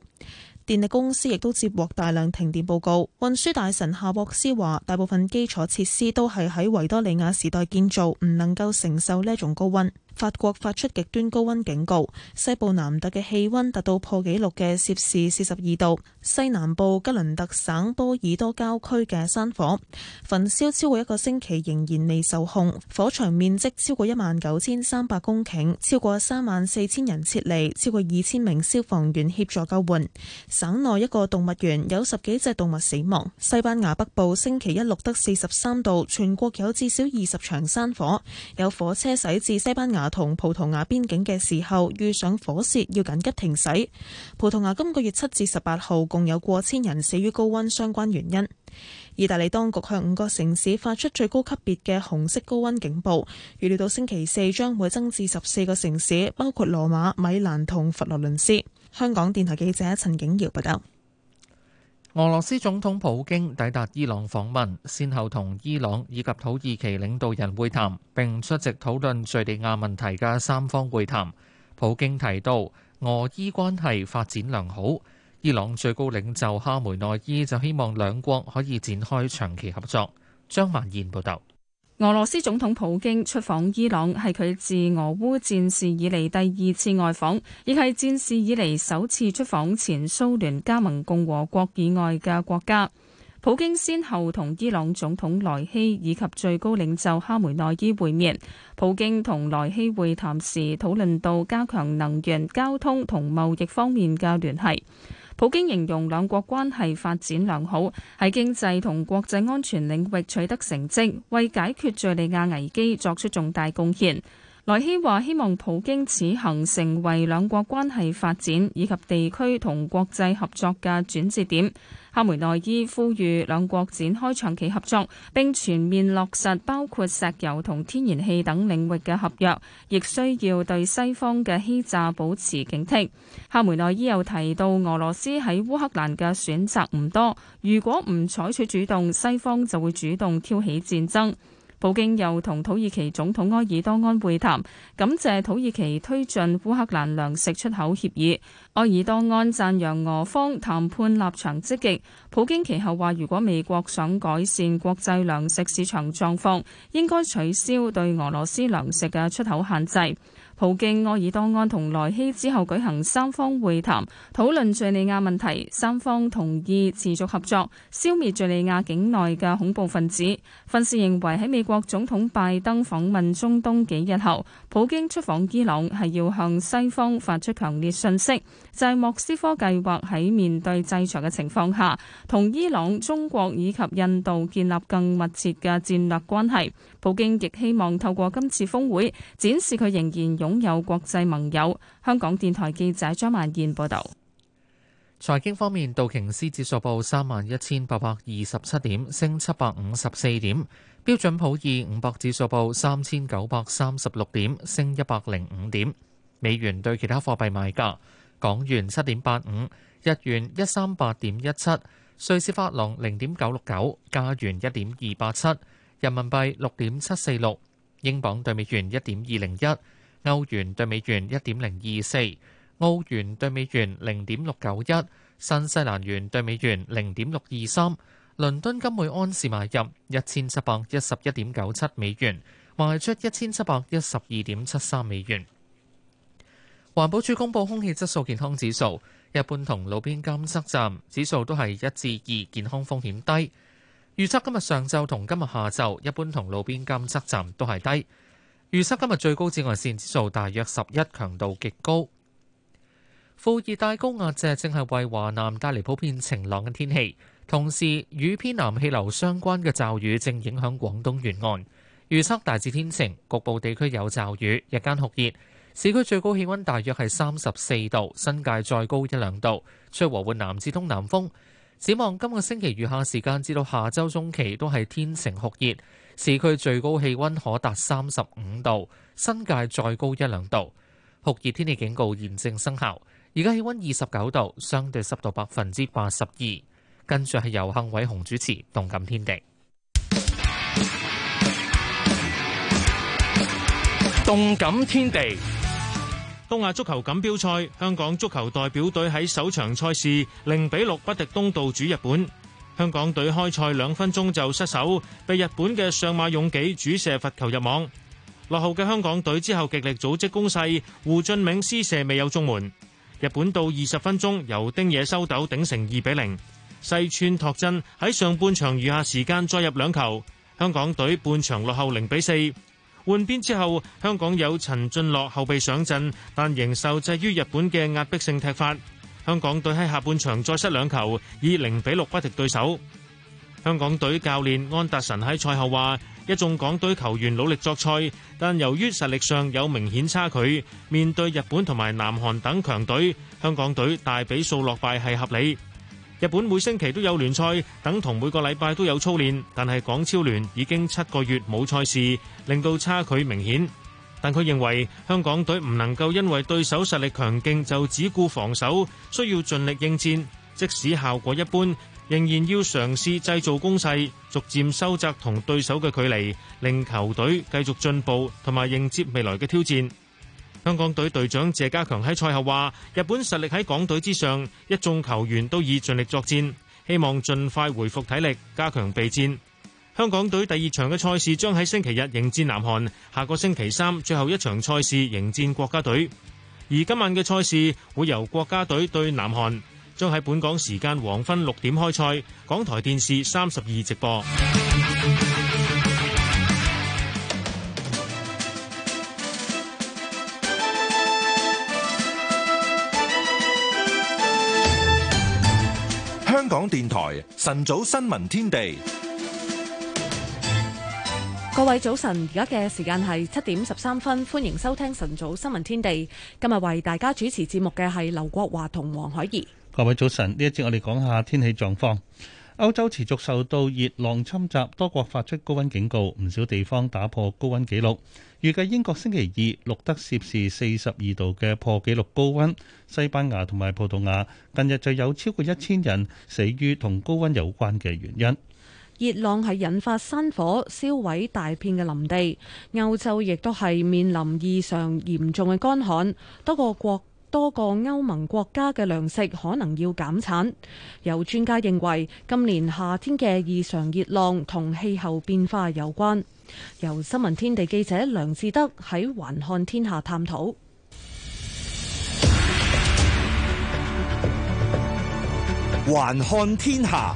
[SPEAKER 2] 電力公司亦都接獲大量停電報告。運輸大臣夏博斯話，大部分基礎設施都係喺維多利亞時代建造，唔能夠承受呢一種高溫。法國發出極端高溫警告，西部南特嘅氣溫達到破紀錄嘅攝氏四十二度。西南部吉倫特省波爾多郊區嘅山火，焚燒超過一個星期，仍然未受控。火場面積超過一萬九千三百公頃，超過三萬四千人撤離，超過二千名消防員協助救援。省內一個動物園有十幾隻動物死亡。西班牙北部星期一錄得四十三度，全國有至少二十場山火，有火車駛至西班牙。同葡萄牙邊境嘅時候遇上火舌，要緊急停駛。葡萄牙今個月七至十八號共有過千人死於高溫相關原因。意大利當局向五個城市發出最高級別嘅紅色高溫警報，預料到星期四將會增至十四個城市，包括羅馬、米蘭同佛羅倫斯。香港電台記者陳景瑤報道。
[SPEAKER 9] 俄羅斯總統普京抵達伊朗訪問，先後同伊朗以及土耳其領導人會談，並出席討論敘利亞問題嘅三方會談。普京提到俄伊關係發展良好，伊朗最高領袖哈梅內伊就希望兩國可以展開長期合作。張曼燕報道。
[SPEAKER 14] 俄羅斯總統普京出訪伊朗，係佢自俄烏戰事以嚟第二次外訪，亦係戰事以嚟首次出訪前蘇聯加盟共和國以外嘅國家。普京先後同伊朗總統萊希以及最高領袖哈梅內伊會面。普京同萊希會談時討論到加強能源、交通同貿易方面嘅聯繫。普京形容兩國關係發展良好，喺經濟同國際安全領域取得成績，為解決敘利亞危機作出重大貢獻。萊希話：希望普京此行成為兩國關係發展以及地區同國際合作嘅轉折點。哈梅內伊呼籲兩國展開長期合作，並全面落實包括石油同天然氣等領域嘅合約，亦需要對西方嘅欺詐保持警惕。哈梅內伊又提到，俄羅斯喺烏克蘭嘅選擇唔多，如果唔採取主動，西方就會主動挑起戰爭。普京又同土耳其總統埃爾多安會談，感謝土耳其推進烏克蘭糧食出口協議。埃爾多安讚揚俄方談判立場積極。普京其後話，如果美國想改善國際糧食市場狀況，應該取消對俄羅斯糧食嘅出口限制。普京、埃爾多安同萊希之後舉行三方會談，討論敘利亞問題，三方同意持續合作，消滅敘利亞境內嘅恐怖分子。分析認為，喺美國總統拜登訪問中東幾日後，普京出訪伊朗係要向西方發出強烈訊息，就係莫斯科計劃喺面對制裁嘅情況下，同伊朗、中國以及印度建立更密切嘅戰略關係。普京亦希望透過今次峰會，展示佢仍然勇有國際盟友。香港電台記者張曼燕報道。
[SPEAKER 9] 財經方面，道瓊斯指數報三萬一千八百二十七點，升七百五十四點；標準普爾五百指數報三千九百三十六點，升一百零五點。美元對其他貨幣賣價：港元七點八五，日元一三八點一七，瑞士法郎零點九六九，加元一點二八七，人民幣六點七四六，英鎊兌美元一點二零一。歐元對美元一點零二四，澳元對美元零點六九一，新西蘭元對美元零點六二三，倫敦金每盎司買入一千七百一十一點九七美元，賣出一千七百一十二點七三美元。環保署公布空氣質素健康指數，一般同路邊監測站指數都係一至二，2，健康風險低。預測今，上今日上晝同今日下晝，一般同路邊監測站都係低。預測今日最高紫外線指數大約十一，強度極高。副熱帶高壓脊正係為華南帶嚟普遍晴朗嘅天氣，同時，與偏南氣流相關嘅驟雨正影響廣東沿岸。預測大致天晴，局部地區有驟雨，日間酷熱，市區最高氣温大約係三十四度，新界再高一兩度，吹和緩南至東南風。展望今個星期餘下時間至到下周中期都係天晴酷熱，市區最高氣温可達三十五度，新界再高一兩度。酷熱天氣警告現正生效，而家氣温二十九度，相對濕度百分之八十二。跟住係由幸偉雄主持《動感天地》，
[SPEAKER 15] 《動感天地》。東亞足球錦標賽，香港足球代表隊喺首場賽事零比六不敵東道主日本。香港隊開賽兩分鐘就失手，被日本嘅上馬勇己主射罰球入網。落後嘅香港隊之後極力組織攻勢，胡俊銘施射未有中門。日本到二十分鐘由丁野收斗頂成二比零。細川拓真喺上半場餘下時間再入兩球，香港隊半場落後零比四。換邊之後，香港有陳俊樂後備上陣，但仍受制於日本嘅壓迫性踢法。香港隊喺下半場再失兩球，以零比六不敵對手。香港隊教練安達臣喺賽後話：「一眾港隊球員努力作賽，但由於實力上有明顯差距，面對日本同埋南韓等強隊，香港隊大比數落敗係合理。」日本每星期都有聯賽，等同每個禮拜都有操練，但係港超聯已經七個月冇賽事，令到差距明顯。但佢認為香港隊唔能夠因為對手實力強勁就只顧防守，需要盡力應戰，即使效果一般，仍然要嘗試製造攻勢，逐漸收窄同對手嘅距離，令球隊繼續進步，同埋迎接未來嘅挑戰。香港隊隊長謝家強喺賽後話：日本實力喺港隊之上，一眾球員都已盡力作戰，希望盡快回復體力，加強備戰。香港隊第二場嘅賽事將喺星期日迎戰南韓，下個星期三最後一場賽事迎戰國家隊。而今晚嘅賽事會由國家隊對南韓，將喺本港時間黃昏六點開賽，港台電視三十二直播。
[SPEAKER 1] 港電台晨早新聞天地，
[SPEAKER 3] 各位早晨，而家嘅時間係七點十三分，歡迎收聽晨早新聞天地。今日為大家主持節目嘅係劉國華同黃海怡。
[SPEAKER 4] 各位早晨，呢一節我哋講下天氣狀況。歐洲持續受到熱浪侵襲，多國發出高溫警告，唔少地方打破高溫紀錄。預計英國星期二錄得攝氏四十二度嘅破紀錄高溫。西班牙同埋葡萄牙近日就有超過一千人死於同高溫有關嘅原因。
[SPEAKER 3] 熱浪係引發山火，燒毀大片嘅林地。歐洲亦都係面臨異常嚴重嘅乾旱，多個國。多個歐盟國家嘅糧食可能要減產，有專家認為今年夏天嘅異常熱浪同氣候變化有關。由新聞天地記者梁志德喺《環看天下》探討。
[SPEAKER 10] 《環看天下》。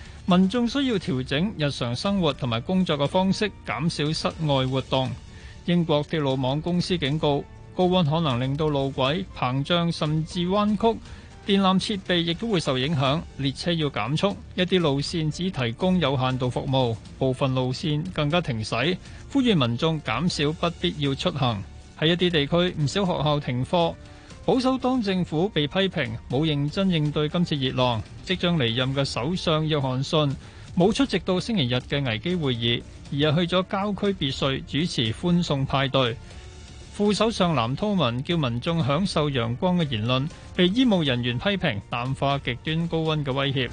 [SPEAKER 10] 民眾需要調整日常生活同埋工作嘅方式，減少室外活動。英國鐵路網公司警告，高溫可能令到路軌膨脹甚至彎曲，電纜設備亦都會受影響。列車要減速，一啲路線只提供有限度服務，部分路線更加停駛。呼籲民眾減少不必要出行。喺一啲地區，唔少學校停課。保守黨政府被批評冇認真應對今次熱浪，即將離任嘅首相約翰遜冇出席到星期日嘅危機會議，而係去咗郊區別墅主持歡送派對。副首相藍韜文叫民眾享受陽光嘅言論被醫務人員批評淡化極端高温嘅威脅。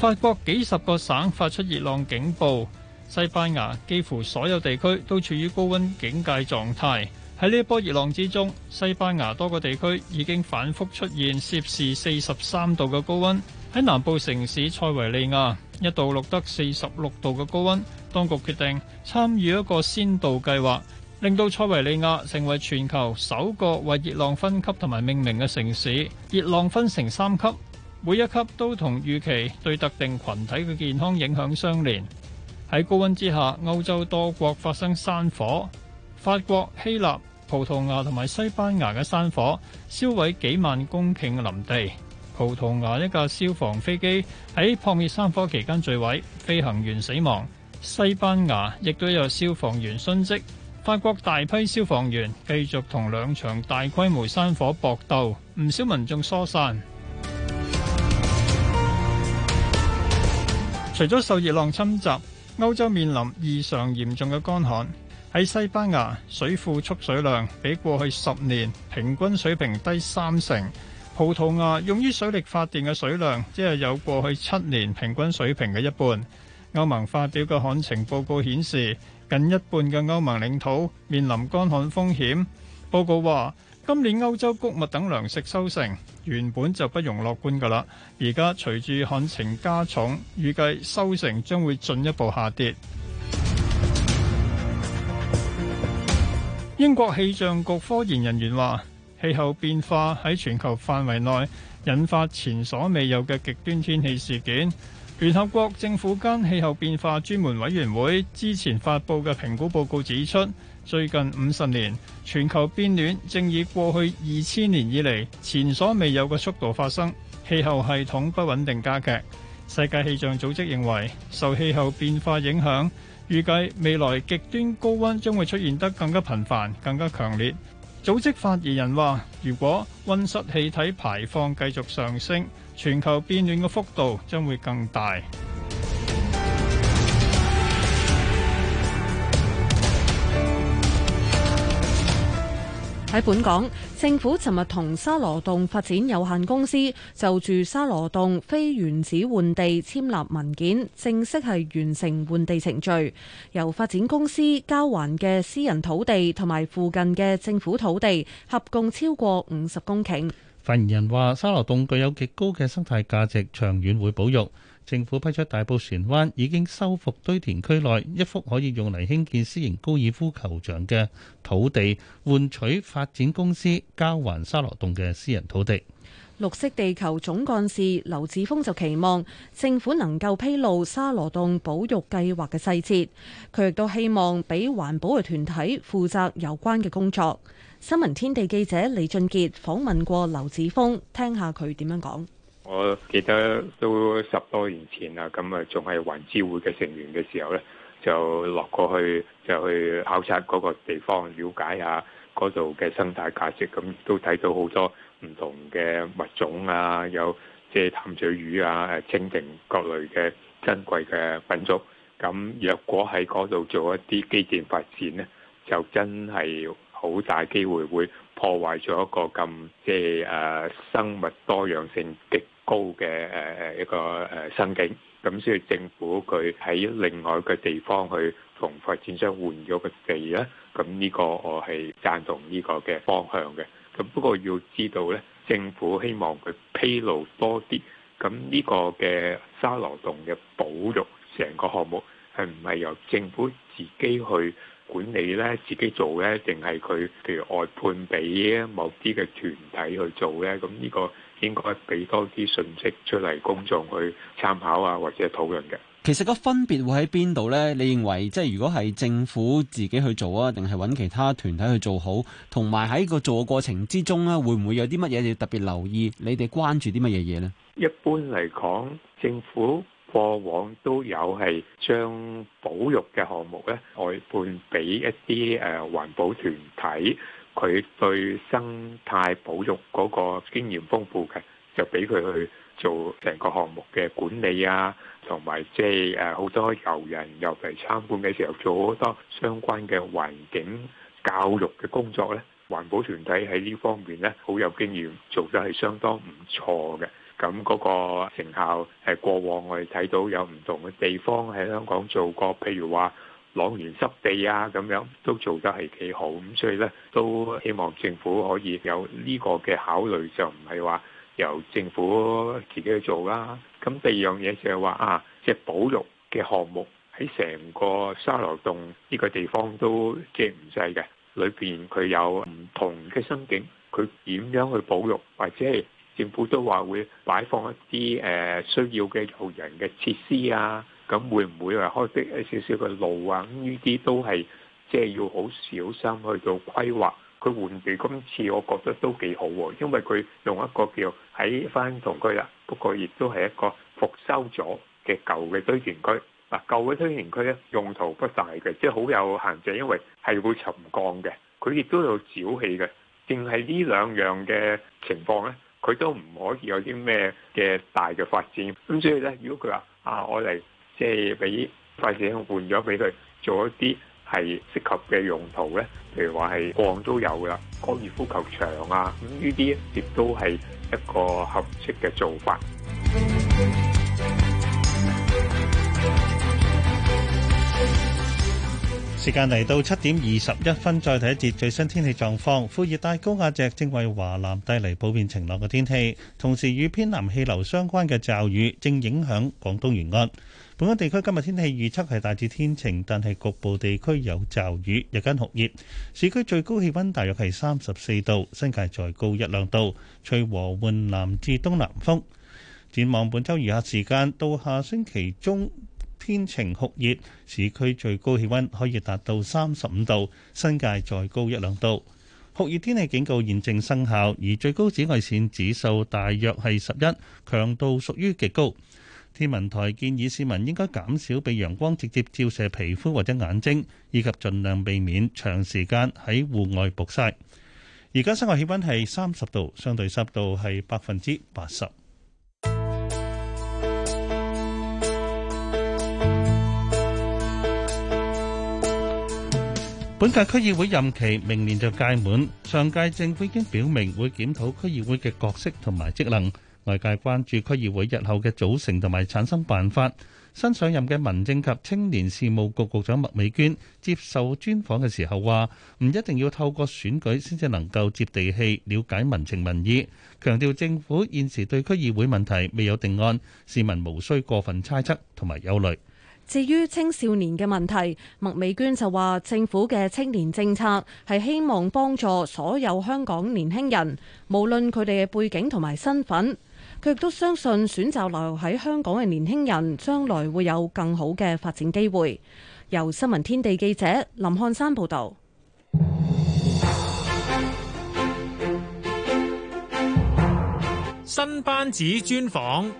[SPEAKER 10] 法國幾十個省發出熱浪警報，西班牙幾乎所有地區都處於高温警戒狀態。喺呢一波熱浪之中，西班牙多個地區已經反覆出現攝氏四十三度嘅高溫。喺南部城市塞維利亞，一度錄得四十六度嘅高溫。當局決定參與一個先導計劃，令到塞維利亞成為全球首個為熱浪分級同埋命名嘅城市。熱浪分成三級，每一級都同預期對特定群體嘅健康影響相連。喺高溫之下，歐洲多國發生山火，法國、希臘。葡萄牙同埋西班牙嘅山火燒毀幾萬公頃林地，葡萄牙一架消防飛機喺撲滅山火期間墜毀，飛行員死亡。西班牙亦都有消防員殉職。法國大批消防員繼續同兩場大規模山火搏鬥，唔少民眾疏散。 除咗受熱浪侵襲，歐洲面臨異常嚴重嘅乾旱。喺西班牙，水庫蓄水量比過去十年平均水平低三成；葡萄牙用於水力發電嘅水量，只係有過去七年平均水平嘅一半。歐盟發表嘅旱情報告顯示，近一半嘅歐盟領土面臨乾旱風險。報告話，今年歐洲谷物等糧食收成原本就不容樂觀㗎啦，而家隨住旱情加重，預計收成將會進一步下跌。英國氣象局科研人員話，氣候變化喺全球範圍內引發前所未有嘅極端天氣事件。聯合國政府間氣候變化專門委員會之前發佈嘅評估報告指出，最近五十年，全球變暖正以過去二千年以來前所未有嘅速度發生，氣候系統不穩定加劇。世界氣象組織認為，受氣候變化影響。預計未來極端高温將會出現得更加頻繁、更加強烈。組織發言人話，如果温室氣體排放繼續上升，全球變暖嘅幅度將會更大。
[SPEAKER 3] 喺本港，政府尋日同沙羅洞發展有限公司就住沙羅洞非原址換地簽立文件，正式係完成換地程序。由發展公司交還嘅私人土地同埋附近嘅政府土地合共超過
[SPEAKER 4] 五十公頃。發言人話：沙羅洞具有極高嘅生態價值，長遠會保育。政府批出大埔船灣已經收復堆填區內一幅可以用嚟興建私營高爾夫球場嘅土地，換取發展公司交還沙羅洞嘅私人土地。
[SPEAKER 3] 綠色地球總幹事劉志峰就期望政府能夠披露沙羅洞保育計劃嘅細節，佢亦都希望俾環保嘅團體負責有關嘅工作。新聞天地記者李俊傑訪問過劉志峰，聽下佢點樣講。
[SPEAKER 16] 我記得都十多年前啦，咁啊仲係環諮會嘅成員嘅時候呢，就落過去就去考察嗰個地方，了解下嗰度嘅生態價值。咁都睇到好多唔同嘅物種啊，有即係淡水魚啊、蜻蜓各類嘅珍貴嘅品種。咁若果喺嗰度做一啲基建發展呢，就真係好大機會會破壞咗一個咁即係生物多樣性極高嘅誒誒一個誒新景，咁所以政府佢喺另外嘅地方去同發展商換咗個地咧，咁呢個我係贊同呢個嘅方向嘅。咁不過要知道咧，政府希望佢披露多啲，咁呢個嘅沙羅洞嘅保育成個項目係唔係由政府自己去管理咧，自己做咧，定係佢譬如外判俾某啲嘅團體去做咧？咁呢個，應該俾多啲信息出嚟，公眾去參考啊，或者討論嘅。
[SPEAKER 8] 其實個分別會喺邊度呢？你認為即係如果係政府自己去做啊，定係揾其他團體去做好？同埋喺個做嘅過程之中呢，會唔會有啲乜嘢要特別留意？你哋關注啲乜嘢嘢呢？
[SPEAKER 16] 一般嚟講，政府過往都有係將保育嘅項目呢，外判俾一啲誒環保團體。佢對生態保育嗰個經驗豐富嘅，就俾佢去做成個項目嘅管理啊，同埋即係誒好多遊人入嚟參觀嘅時候，做好多相關嘅環境教育嘅工作咧。環保團體喺呢方面咧，好有經驗，做得係相當唔錯嘅。咁嗰個成效係過往我哋睇到有唔同嘅地方喺香港做過，譬如話，塱原濕地啊，咁樣都做得係幾好，咁所以咧都希望政府可以有呢個嘅考慮，就唔係話由政府自己去做啦、啊。咁第二樣嘢就係話啊，即係保育嘅項目喺成個沙羅洞呢個地方都即係唔細嘅，裏邊佢有唔同嘅心境，佢點樣去保育，或者係政府都話會擺放一啲誒、呃、需要嘅遊人嘅設施啊。咁會唔會話開一少少嘅路啊？呢啲都係即係要好小心去做規劃。佢換地，今次我覺得都幾好喎，因為佢用一個叫喺翻同區啦，不過亦都係一個復修咗嘅舊嘅堆填區。嗱，舊嘅堆填區咧用途不大嘅，即係好有限制，因為係會沉降嘅，佢亦都有沼氣嘅。淨係呢兩樣嘅情況咧，佢都唔可以有啲咩嘅大嘅發展。咁所以咧，如果佢話啊，我嚟即係俾塊地換咗俾佢做一啲係適合嘅用途咧，譬如話係逛都有啦，高爾夫球場啊，咁呢啲亦都係一個合適嘅做法。
[SPEAKER 4] 時間嚟到七點二十一分，再睇一節最新天氣狀況。副熱帶高壓脊正為華南帶嚟普遍晴朗嘅天氣，同時與偏南氣流相關嘅驟雨正影響廣東沿岸。本港地區今日天氣預測係大致天晴，但係局部地區有驟雨，日間酷熱，市區最高氣温大約係三十四度，新界再高一兩度。吹和緩南至東南風，展望本周餘下時間到下星期中天晴酷熱，市區最高氣温可以達到三十五度，新界再高一兩度。酷熱天氣警告現正生效，而最高紫外線指數大約係十一，強度屬於極高。天文台建議市民應該減少被陽光直接照射皮膚或者眼睛，以及盡量避免長時間喺戶外曝曬。而家室外氣温係三十度，相對濕度係百分之八十。本屆區議會任期明年就屆滿，上屆政府已經表明會檢討區議會嘅角色同埋職能。外界關注區議會日後嘅組成同埋產生辦法，新上任嘅民政及青年事務局局長麥美娟接受專訪嘅時候話：唔一定要透過選舉先至能夠接地氣，了解民情民意。強調政府現時對區議會問題未有定案，市民無需過分猜測同埋憂慮。
[SPEAKER 3] 至於青少年嘅問題，麥美娟就話：政府嘅青年政策係希望幫助所有香港年輕人，無論佢哋嘅背景同埋身份。佢亦都相信，選擇留喺香港嘅年輕人，將來會有更好嘅發展機會。由新聞天地記者林漢山報導。
[SPEAKER 15] 新班子專訪。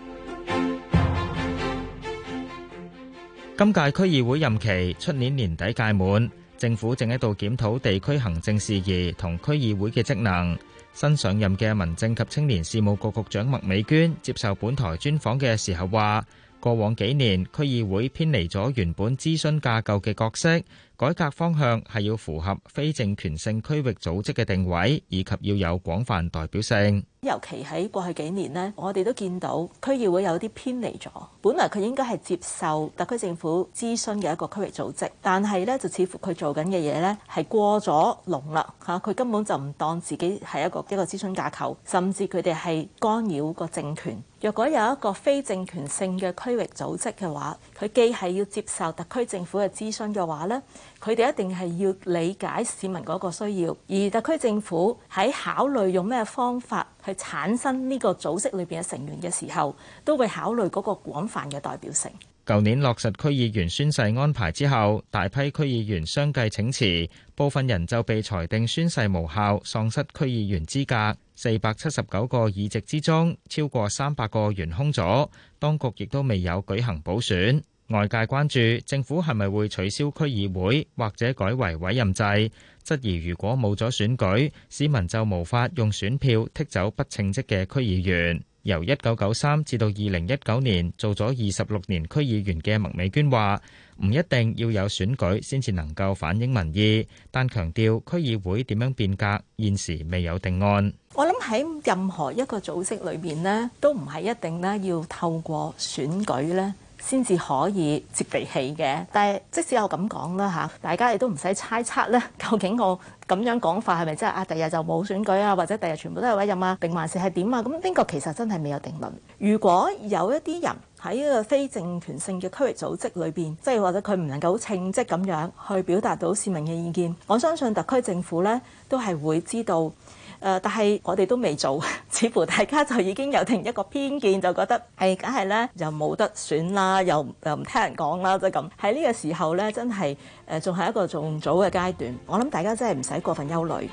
[SPEAKER 17] 今屆區議會任期出年年底屆滿，政府正喺度檢討地區行政事宜同區議會嘅職能。新上任嘅民政及青年事務局局長麥美娟接受本台專訪嘅時候話，過往幾年區議會偏離咗原本諮詢架構嘅角色。改革方向係要符合非政權性區域組織嘅定位，以及要有廣泛代表性。
[SPEAKER 18] 尤其喺過去幾年咧，我哋都見到區議會有啲偏離咗。本來，佢應該，係接受特區政府諮詢嘅一個區域組織，但係咧就似乎佢做緊嘅嘢咧係過咗龍啦吓，佢根本就唔當自己係一個一個諮詢架構，甚至佢哋係干擾個政權，若果有一個非政權性嘅區域組織嘅話，佢既係要接受特區政府嘅諮詢嘅話咧。佢哋一定係要理解市民嗰個需要，而特區政府喺考慮用咩方法去產生呢個組織裏邊嘅成員嘅時候，都會考慮嗰個廣泛嘅代表性。
[SPEAKER 17] 舊年落實區議員宣誓安排之後，大批區議員相繼請辭，部分人就被裁定宣誓無效，喪失區議員資格。四百七十九個議席之中，超過三百個懸空咗，當局亦都未有舉行補選。外界關注政府係咪會取消區議會或者改為委任制，質疑如果冇咗選舉，市民就無法用選票剔走不稱職嘅區議員。由一九九三至到二零一九年做咗二十六年區議員嘅麥美娟話：唔一定要有選舉先至能夠反映民意，但強調區議會點樣變革，現時未有定案。
[SPEAKER 18] 我諗喺任何一個組織裏面呢，都唔係一定呢要透過選舉呢。先至可以接地氣嘅，但係即使我咁講啦嚇，大家亦都唔使猜測咧。究竟我咁樣講法係咪真係啊？第日就冇選舉啊，或者第日全部都係委任啊，定還是係點啊？咁呢個其實真係未有定論。如果有一啲人喺一個非政權性嘅區域組織裏邊，即係或者佢唔能夠稱職咁樣去表達到市民嘅意見，我相信特區政府呢都係會知道。誒，但係我哋都未做，似乎大家就已經有定一個偏見，就覺得誒，梗係咧又冇得選啦，又又唔聽人講啦，即係咁。喺呢個時候咧，真係誒，仲係一個仲早嘅階段。我諗大家真係唔使過分憂慮。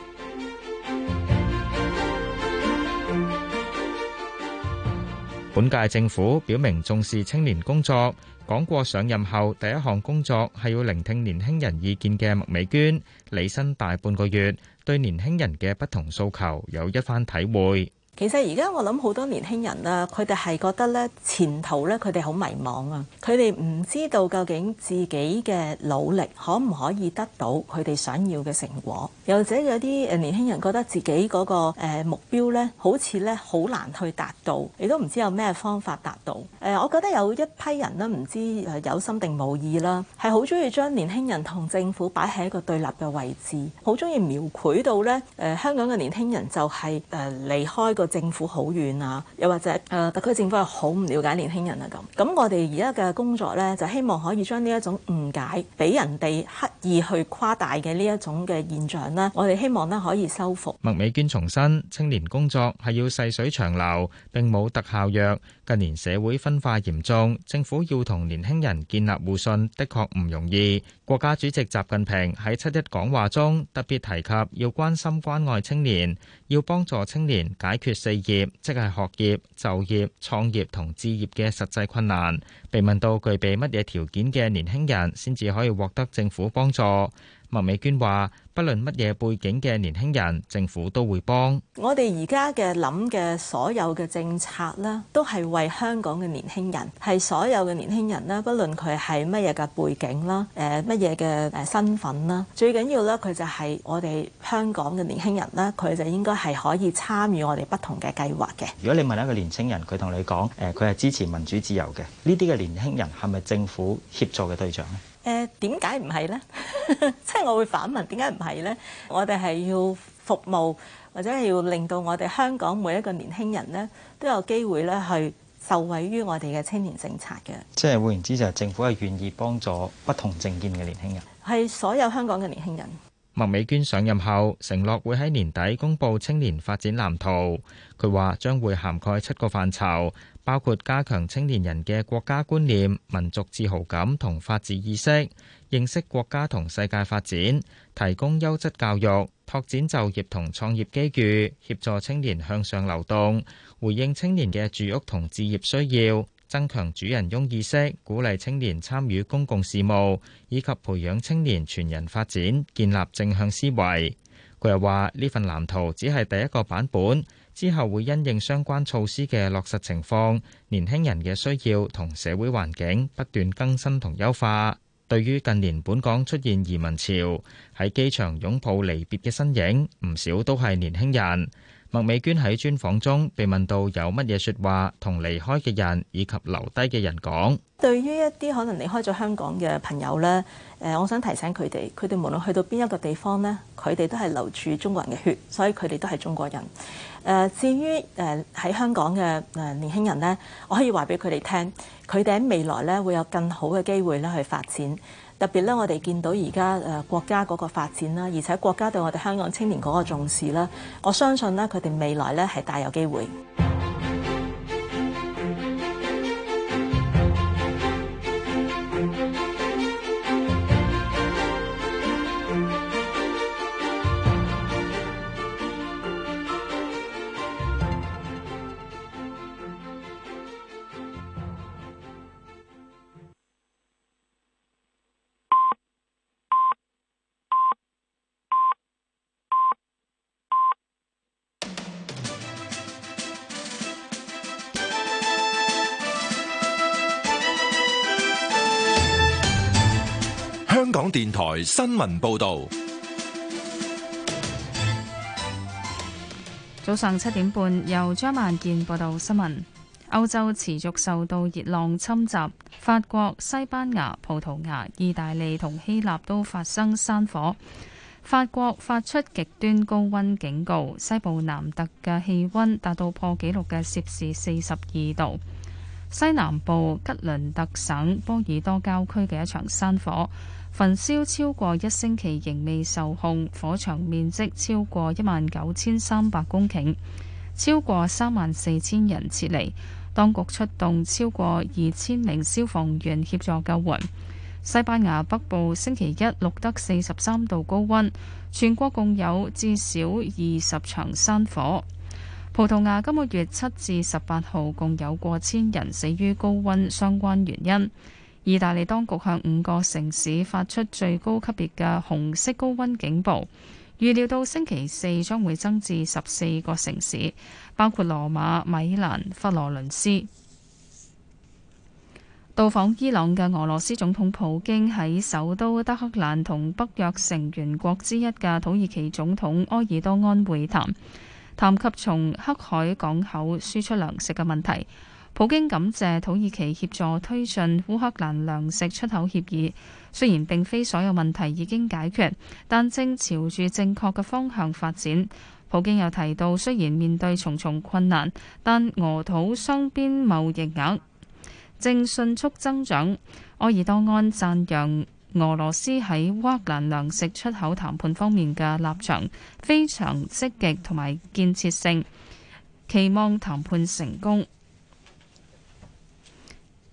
[SPEAKER 17] 本屆政府表明重視青年工作。講過上任後第一項工作係要聆聽年輕人意見嘅麥美娟，履新大半個月，對年輕人嘅不同訴求有一番體會。
[SPEAKER 18] 其實而家我諗好多年輕人啦，佢哋係覺得咧前途咧，佢哋好迷茫啊！佢哋唔知道究竟自己嘅努力可唔可以得到佢哋想要嘅成果，又或者有啲誒年輕人覺得自己嗰個誒目標咧，好似咧好難去達到，亦都唔知有咩方法達到。誒，我覺得有一批人咧，唔知誒有心定冇意啦，係好中意將年輕人同政府擺喺一個對立嘅位置，好中意描繪到咧，誒香港嘅年輕人就係誒離開嗰個個政府好遠啊，又或者誒、呃、特區政府係好唔了解年輕人啊咁。咁我哋而家嘅工作呢，就希望可以將呢一種誤解，俾人哋刻意去誇大嘅呢一種嘅現象呢，我哋希望呢可以收復。
[SPEAKER 17] 麥美娟重申，青年工作係要細水長流，並冇特效藥。近年社會分化嚴重，政府要同年輕人建立互信，的確唔容易。國家主席習近平喺七一講話中特別提及，要關心關愛青年，要幫助青年解決四業，即係學業、就業、創業同置業嘅實際困難。被問到具備乜嘢條件嘅年輕人先至可以獲得政府幫助？麥美娟話：不論乜嘢背景嘅年輕人，政府都會幫。
[SPEAKER 18] 我哋而家嘅諗嘅所有嘅政策啦，都係為香港嘅年輕人，係所有嘅年輕人啦，不論佢係乜嘢嘅背景啦，誒乜嘢嘅誒身份啦，最緊要咧，佢就係我哋香港嘅年輕人啦。佢就應該係可以參與我哋不同嘅計劃嘅。
[SPEAKER 17] 如果你問一個年輕人，佢同你講，誒佢係支持民主自由嘅，呢啲嘅年輕人係咪政府協助嘅對象咧？
[SPEAKER 18] 誒點解唔係呢？即係我會反問，點解唔係呢？我哋係要服務，或者係要令到我哋香港每一個年輕人呢，都有機會呢去受惠於我哋嘅青年政策嘅。
[SPEAKER 17] 即係換言之，就係政府係願意幫助不同政見嘅年輕人。
[SPEAKER 18] 係所有香港嘅年輕人。
[SPEAKER 17] 麥美娟上任後承諾會喺年底公布青年發展藍圖，佢話將會涵蓋七個範疇。包括加強青年人嘅國家觀念、民族自豪感同法治意識，認識國家同世界發展，提供優質教育，拓展就業同創業機遇，協助青年向上流動，回應青年嘅住屋同置業需要，增強主人翁意識，鼓勵青年參與公共事務，以及培養青年全人發展，建立正向思維。佢又話，呢份藍圖只係第一個版本。之後會因應相關措施嘅落實情況，年輕人嘅需要同社會環境不斷更新同優化。對於近年本港出現移民潮，喺機場擁抱離別嘅身影，唔少都係年輕人。麥美娟喺專訪中被問到有乜嘢說話同離開嘅人以及留低嘅人講，
[SPEAKER 18] 對於一啲可能離開咗香港嘅朋友咧，誒，我想提醒佢哋，佢哋無論去到邊一個地方咧，佢哋都係流住中國人嘅血，所以佢哋都係中國人。誒，至於誒喺香港嘅誒年輕人咧，我可以話俾佢哋聽，佢哋喺未來咧會有更好嘅機會咧去發展。特別咧，我哋見到而家誒國家嗰個發展啦，而且國家對我哋香港青年嗰個重視啦，我相信咧佢哋未來咧係大有機會。
[SPEAKER 1] 電台新聞報道：
[SPEAKER 14] 早上七點半，由張萬健報道新聞。歐洲持續受到熱浪侵襲，法國、西班牙、葡萄牙、意大利同希臘都發生山火。法國發出極端高溫警告，西部南特嘅氣溫達到破紀錄嘅攝氏四十二度。西南部吉倫特省波爾多郊區嘅一場山火，焚燒超過一星期仍未受控，火場面積超過一萬九千三百公頃，超過三萬四千人撤離。當局出動超過二千名消防員協助救援。西班牙北部星期一錄得四十三度高温，全國共有至少二十場山火。葡萄牙今個月七至十八號共有過千人死於高温相關原因。意大利當局向五個城市發出最高級別嘅紅色高溫警報，預料到星期四將會增至十四個城市，包括羅馬、米蘭、佛羅倫斯。到訪伊朗嘅俄羅斯總統普京喺首都德黑蘭同北約成員國之一嘅土耳其總統埃爾多安會談，談及從黑海港口輸出糧食嘅問題。普京感謝土耳其協助推進烏克蘭糧食出口協議，雖然並非所有問題已經解決，但正朝住正確嘅方向發展。普京又提到，雖然面對重重困難，但俄土雙邊貿易額正迅速增長。愛爾多安讚揚俄羅斯喺烏克蘭糧食出口談判方面嘅立場非常積極同埋建設性，期望談判成功。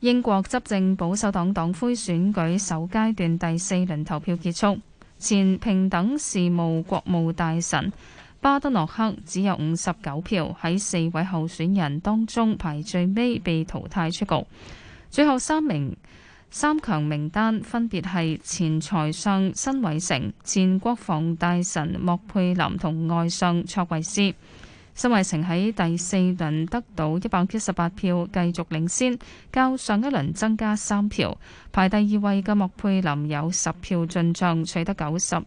[SPEAKER 14] 英國執政保守黨黨魁選舉首階段第四輪投票結束，前平等事務國務大臣巴德諾克只有五十九票，喺四位候選人當中排最尾，被淘汰出局。最後三名三強名單分別係前財相辛偉成、前國防大臣莫佩林同外相卓慧思。新維城喺第四輪得到一百一十八票，繼續領先，較上一輪增加三票。排第二位嘅莫佩林有十票進帳，取得九十二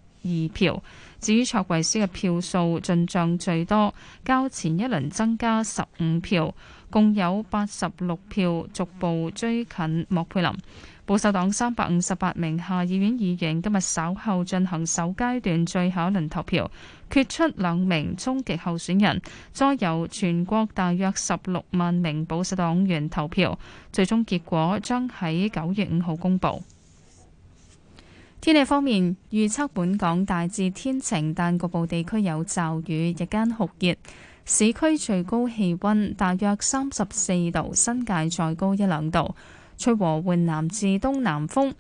[SPEAKER 14] 票。至於卓維斯嘅票數進帳最多，較前一輪增加十五票，共有八十六票，逐步追近莫佩林。保守黨三百五十八名下議院議員今日稍後進行首階段最後一輪投票。決出兩名終極候選人，再由全國大約十六萬名保守黨員投票。最終結果將喺九月五號公布。天氣方面，預測本港大致天晴，但局部地區有驟雨。日間酷熱，市區最高氣温大約三十四度，新界再高一兩度。吹和緩南至東南風。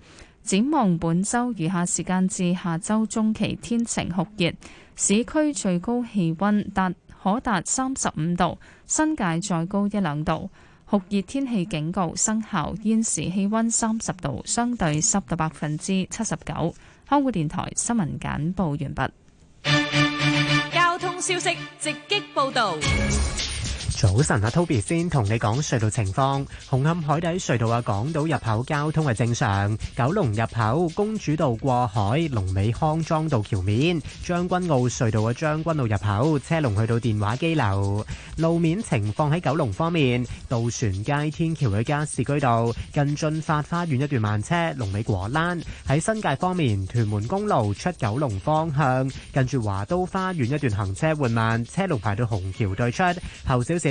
[SPEAKER 14] 展望本周餘下時間至下周中期，天晴酷熱。市區最高氣溫達可達三十五度，新界再高一兩度。酷熱天氣警告生效，現時氣溫三十度，相對濕度百分之七十九。香港電台新聞
[SPEAKER 13] 簡報完畢。
[SPEAKER 12] 交通消息直擊報道。
[SPEAKER 13] 早晨啊，Toby 先同你講隧道情況。紅磡海底隧道啊，港島入口交通係正常。九龍入口公主道過海，龍尾康莊道橋面。將軍澳隧道嘅將軍澳入口車龍去到電話機樓。路面情況喺九龍方面，渡船街天橋去加士居道近駿發花園一段慢車，龍尾果欄。喺新界方面，屯門公路出九龍方向近住華都花園一段行車緩慢，車龍排到紅橋對出後小時。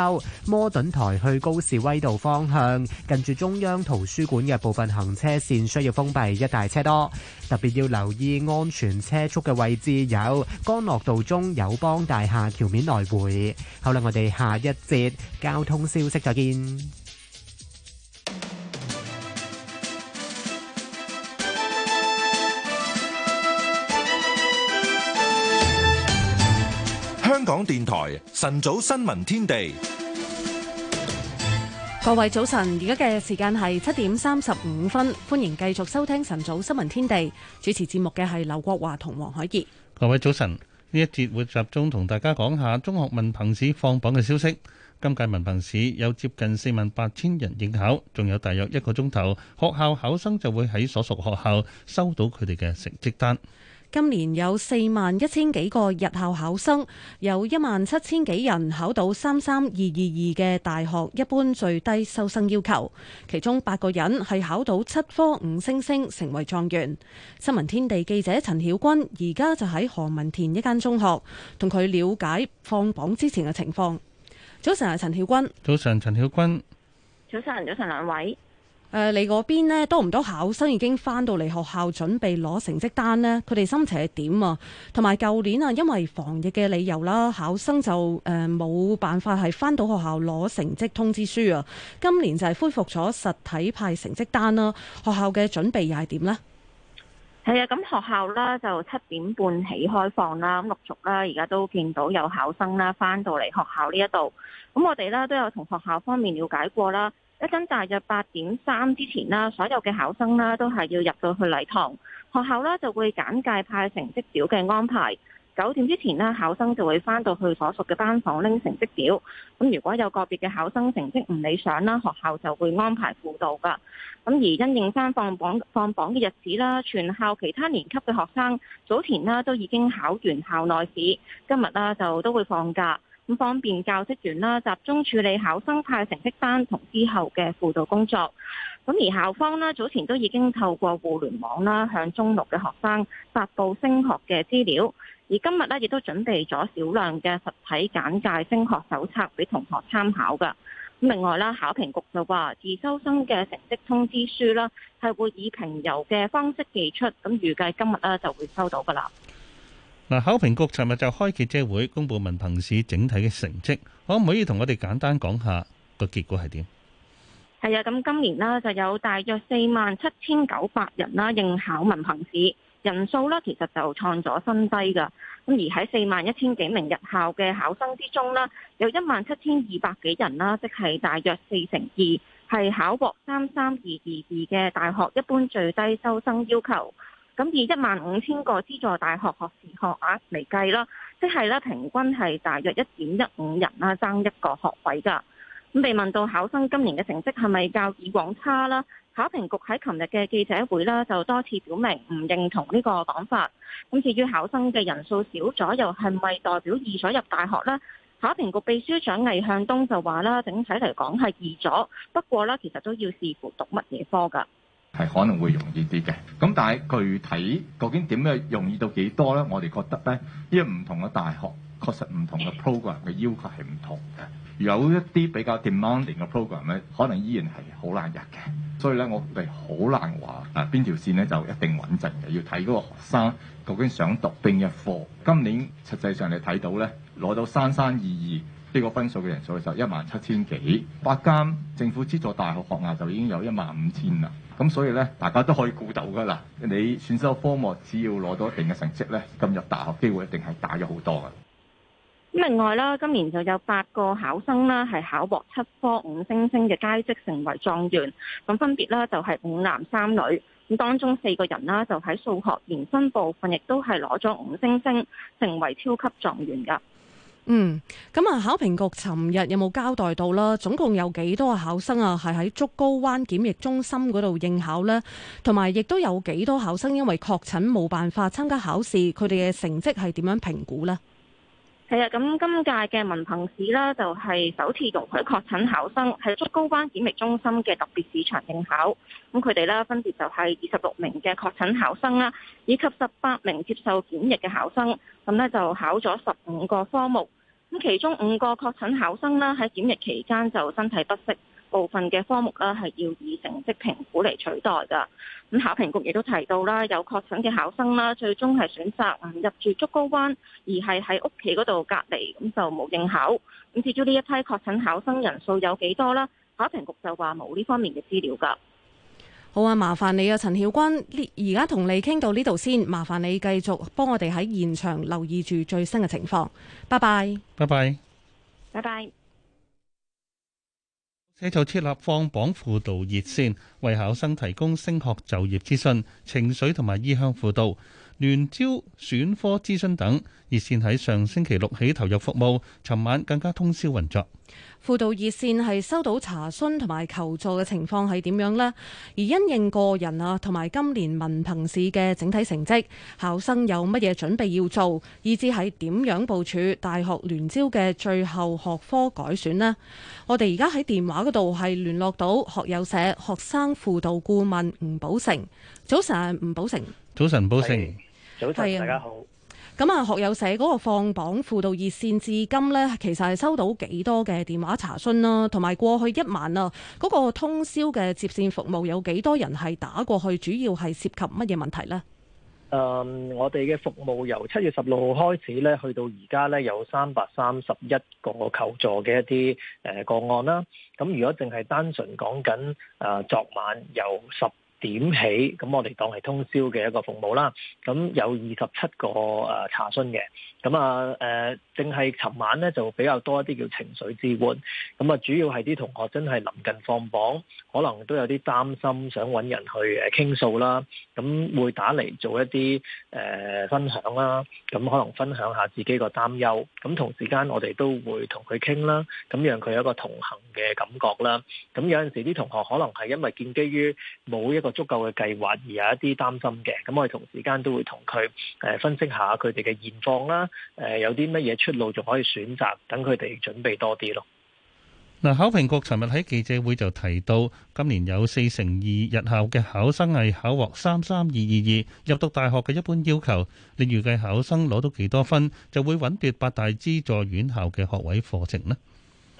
[SPEAKER 13] 摩頓台去高士威道方向，近住中央圖書館嘅部分行車線需要封閉，一大車多，特別要留意安全車速嘅位置有干諾道中友邦大廈橋面來回。好啦，我哋下一節交通消息再見。
[SPEAKER 1] 香港電台晨早新聞天地。
[SPEAKER 3] 各位早晨，而家嘅時間係七點三十五分，歡迎繼續收聽晨早新聞天地。主持節目嘅係劉國華同黃海怡。
[SPEAKER 4] 各位早晨，呢一節會集中同大家講下中學文憑試放榜嘅消息。今屆文憑試有接近四萬八千人應考，仲有大約一個鐘頭，學校考生就會喺所屬學校收到佢哋嘅成績單。今年
[SPEAKER 3] 有四萬一千幾個日校考生，有一萬七千幾人考到三三二二二嘅大學一般最低收生要求，其中八個人係考到七科五星星，成為狀元。新聞天地記者陳曉君而家就喺何文田一間中學，同佢了解放榜之前嘅情況。早晨，係陳曉君。
[SPEAKER 4] 早晨，陳曉君。
[SPEAKER 3] 早晨，早晨，兩位。誒、呃，你嗰邊呢，多唔多考生已經翻到嚟學校準備攞成績單呢？佢哋心情係點啊？同埋舊年啊，因為防疫嘅理由啦，考生就誒、冇、呃、辦法係翻到學校攞成績通知書啊。今年就係恢復咗實體派成績單啦。學校嘅準備又係點呢？
[SPEAKER 19] 係啊，咁學校呢就七點半起開放啦。咁陸續啦。而家都見到有考生啦翻到嚟學校呢一度。咁我哋呢都有同學校方面了解過啦。一陣大約八點三之前啦，所有嘅考生啦都係要入到去禮堂，學校啦就會簡介派成績表嘅安排。九點之前啦，考生就會翻到去所屬嘅班房拎成績表。咁如果有個別嘅考生成績唔理想啦，學校就會安排輔導㗎。咁而因應翻放榜放榜嘅日子啦，全校其他年級嘅學生早前啦都已經考完校內試，今日啦就都會放假。咁方便教職員啦，集中處理考生派成績單同之後嘅輔導工作。咁而校方呢，早前都已經透過互聯網啦，向中六嘅學生發布升學嘅資料。而今日呢，亦都準備咗少量嘅實體簡介升學手冊俾同學參考㗎。咁另外啦，考評局就話，自修生嘅成績通知書啦，係會以平郵嘅方式寄出，咁預計今日呢就會收到㗎啦。
[SPEAKER 4] 嗱，考評局尋日就開記者會公布文憑試整體嘅成績，可唔可以同我哋簡單講下個結果係點？
[SPEAKER 19] 係啊，咁今年呢就有大約四萬七千九百人啦，應考文憑試，人數啦其實就創咗新低噶咁而喺四萬一千幾名日校嘅考生之中呢，有一萬七千二百幾人啦，即係大約四成二係考獲三三二二二嘅大學一般最低收生要求。咁以一萬五千個資助大學學士學額嚟計啦，即係咧平均係大約一點一五人啦，爭一個學位㗎。咁被問到考生今年嘅成績係咪較以往差啦，考評局喺琴日嘅記者會啦，就多次表明唔認同呢個講法。咁至於考生嘅人數少咗，又係咪代表易咗入大學呢？考評局秘書長魏向東就話啦，整體嚟講係易咗，不過咧其實都要視乎讀乜嘢科㗎。
[SPEAKER 7] 係可能會容易啲嘅，咁但係具體究竟點樣容易到幾多呢？我哋覺得呢，因為唔同嘅大學確實唔同嘅 program 嘅要求係唔同嘅。有一啲比較 demanding 嘅 program 呢，可能依然係好難入嘅。所以呢，我哋好難話啊邊條線呢就一定穩陣嘅，要睇嗰個學生究竟想讀邊一科。今年實際上你睇到呢，攞到三三二二呢個分數嘅人數就一萬七千幾，八間政府資助大學學額就已經有一萬五千啦。咁所以咧，大家都可以估到噶啦。你選修科目只要攞到一定嘅成績咧，咁入大學機會一定係大咗好多噶。
[SPEAKER 19] 咁另外啦，今年就有八個考生啦，係考獲七科五星星嘅佳績，成為狀元。咁分別啦，就係五男三女。咁當中四個人啦，就喺數學延伸部分亦都係攞咗五星星，成為超級狀元噶。
[SPEAKER 3] 嗯，咁、嗯、啊，考評局尋日有冇交代到啦？總共有幾多考生啊，係喺竹篙灣檢疫中心嗰度應考咧？同埋亦都有幾多考生因為確診冇辦法參加考試，佢哋嘅成績係點樣評估咧？
[SPEAKER 19] 係啊，咁今屆嘅文憑試咧，就係首次容許確診考生喺竹篙灣檢疫中心嘅特別試場應考。咁佢哋咧，分別就係二十六名嘅確診考生啦，以及十八名接受檢疫嘅考生。咁咧就考咗十五個科目。咁其中五個確診考生啦，喺檢疫期間就身體不適，部分嘅科目啦係要以成績評估嚟取代噶。咁考評局亦都提到啦，有確診嘅考生啦，最終係選擇唔入住竹篙灣，而係喺屋企嗰度隔離，咁就冇應考。咁至於呢一批確診考生人數有幾多啦？考評局就話冇呢方面嘅資料噶。
[SPEAKER 3] 好啊，麻煩你啊，陳曉君呢？而家同你傾到呢度先，麻煩你繼續幫我哋喺現場留意住最新嘅情況。拜拜，
[SPEAKER 4] 拜拜，
[SPEAKER 19] 拜
[SPEAKER 4] 拜。社就設立放榜輔導熱線，為考生提供升學就業資訊、情緒同埋意向輔導。聯招選科諮詢等熱線喺上星期六起投入服務，尋晚更加通宵運作。
[SPEAKER 3] 輔導熱線係收到查詢同埋求助嘅情況係點樣呢？而因應個人啊，同埋今年文憑試嘅整體成績，考生有乜嘢準備要做？以至喺點樣部署大學聯招嘅最後學科改選呢？我哋而家喺電話嗰度係聯絡到學友社學生輔導顧問吳寶成。早晨，吳寶成。
[SPEAKER 4] 早晨，寶成。係大家好。
[SPEAKER 3] 咁啊，學友社嗰個放榜輔導熱線至今呢，其實係收到幾多嘅電話查詢啦？啊，同埋過去一晚啊，嗰、嗰個通宵嘅接線服務有幾多人係打過去，主要係涉及乜嘢問題呢？誒、
[SPEAKER 20] 嗯，我哋嘅服務由七月十六號開始呢，去到而家呢，有三百三十一個個求助嘅一啲誒個案啦。咁如果淨係單純講緊誒昨晚有十。點起咁，我哋當係通宵嘅一個服務啦。咁有二十七個誒查詢嘅。咁啊，誒、呃，淨係尋晚咧，就比較多一啲叫情緒支援。咁啊，主要係啲同學真係臨近放榜，可能都有啲擔心，想揾人去誒傾訴啦。咁會打嚟做一啲誒、呃、分享啦。咁可能分享下自己個擔憂。咁同時間我哋都會同佢傾啦。咁讓佢有一個同行嘅感覺啦。咁有陣時啲同學可能係因為建基於冇一個足夠嘅計劃而有一啲擔心嘅，咁我哋同時間都會同佢誒分析下佢哋嘅現況啦，誒有啲乜嘢出路仲可以選擇，等佢哋準備多啲咯。
[SPEAKER 4] 嗱，考評局尋日喺記者會就提到，今年有四成二日校嘅考生係考獲三三二二二入讀大學嘅一般要求，你預計考生攞到幾多分就會穩奪八大資助院校嘅學位課程呢？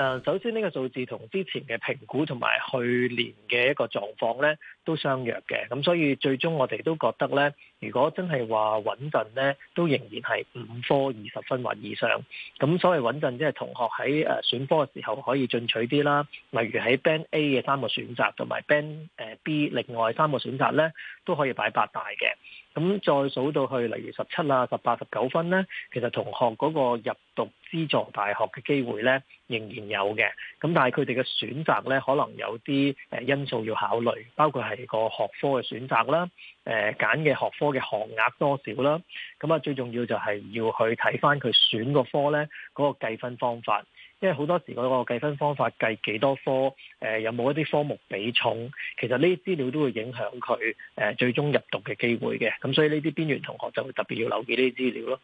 [SPEAKER 20] 誒，首先呢個數字同之前嘅評估同埋去年嘅一個狀況呢都相若嘅。咁所以最終我哋都覺得呢，如果真係話穩陣呢，都仍然係五科二十分或以上。咁所謂穩陣，即係同學喺誒選科嘅時候可以進取啲啦。例如喺 Band A 嘅三個選擇同埋 Band B 另外三個選擇呢，都可以擺八大嘅。咁再數到去例如十七啊、十八、十九分呢，其實同學嗰個入讀資助大學嘅機會呢，仍然有嘅。咁但係佢哋嘅選擇呢，可能有啲誒因素要考慮，包括係個學科嘅選擇啦、誒揀嘅學科嘅學額多少啦。咁啊，最重要就係要去睇翻佢選個科呢嗰個計分方法。即係好多時個個計分方法計幾多科，誒、呃、有冇一啲科目比重，其實呢啲資料都會影響佢誒最終入讀嘅機會嘅。咁所以呢啲邊緣同學就會特別要留意呢啲資料咯。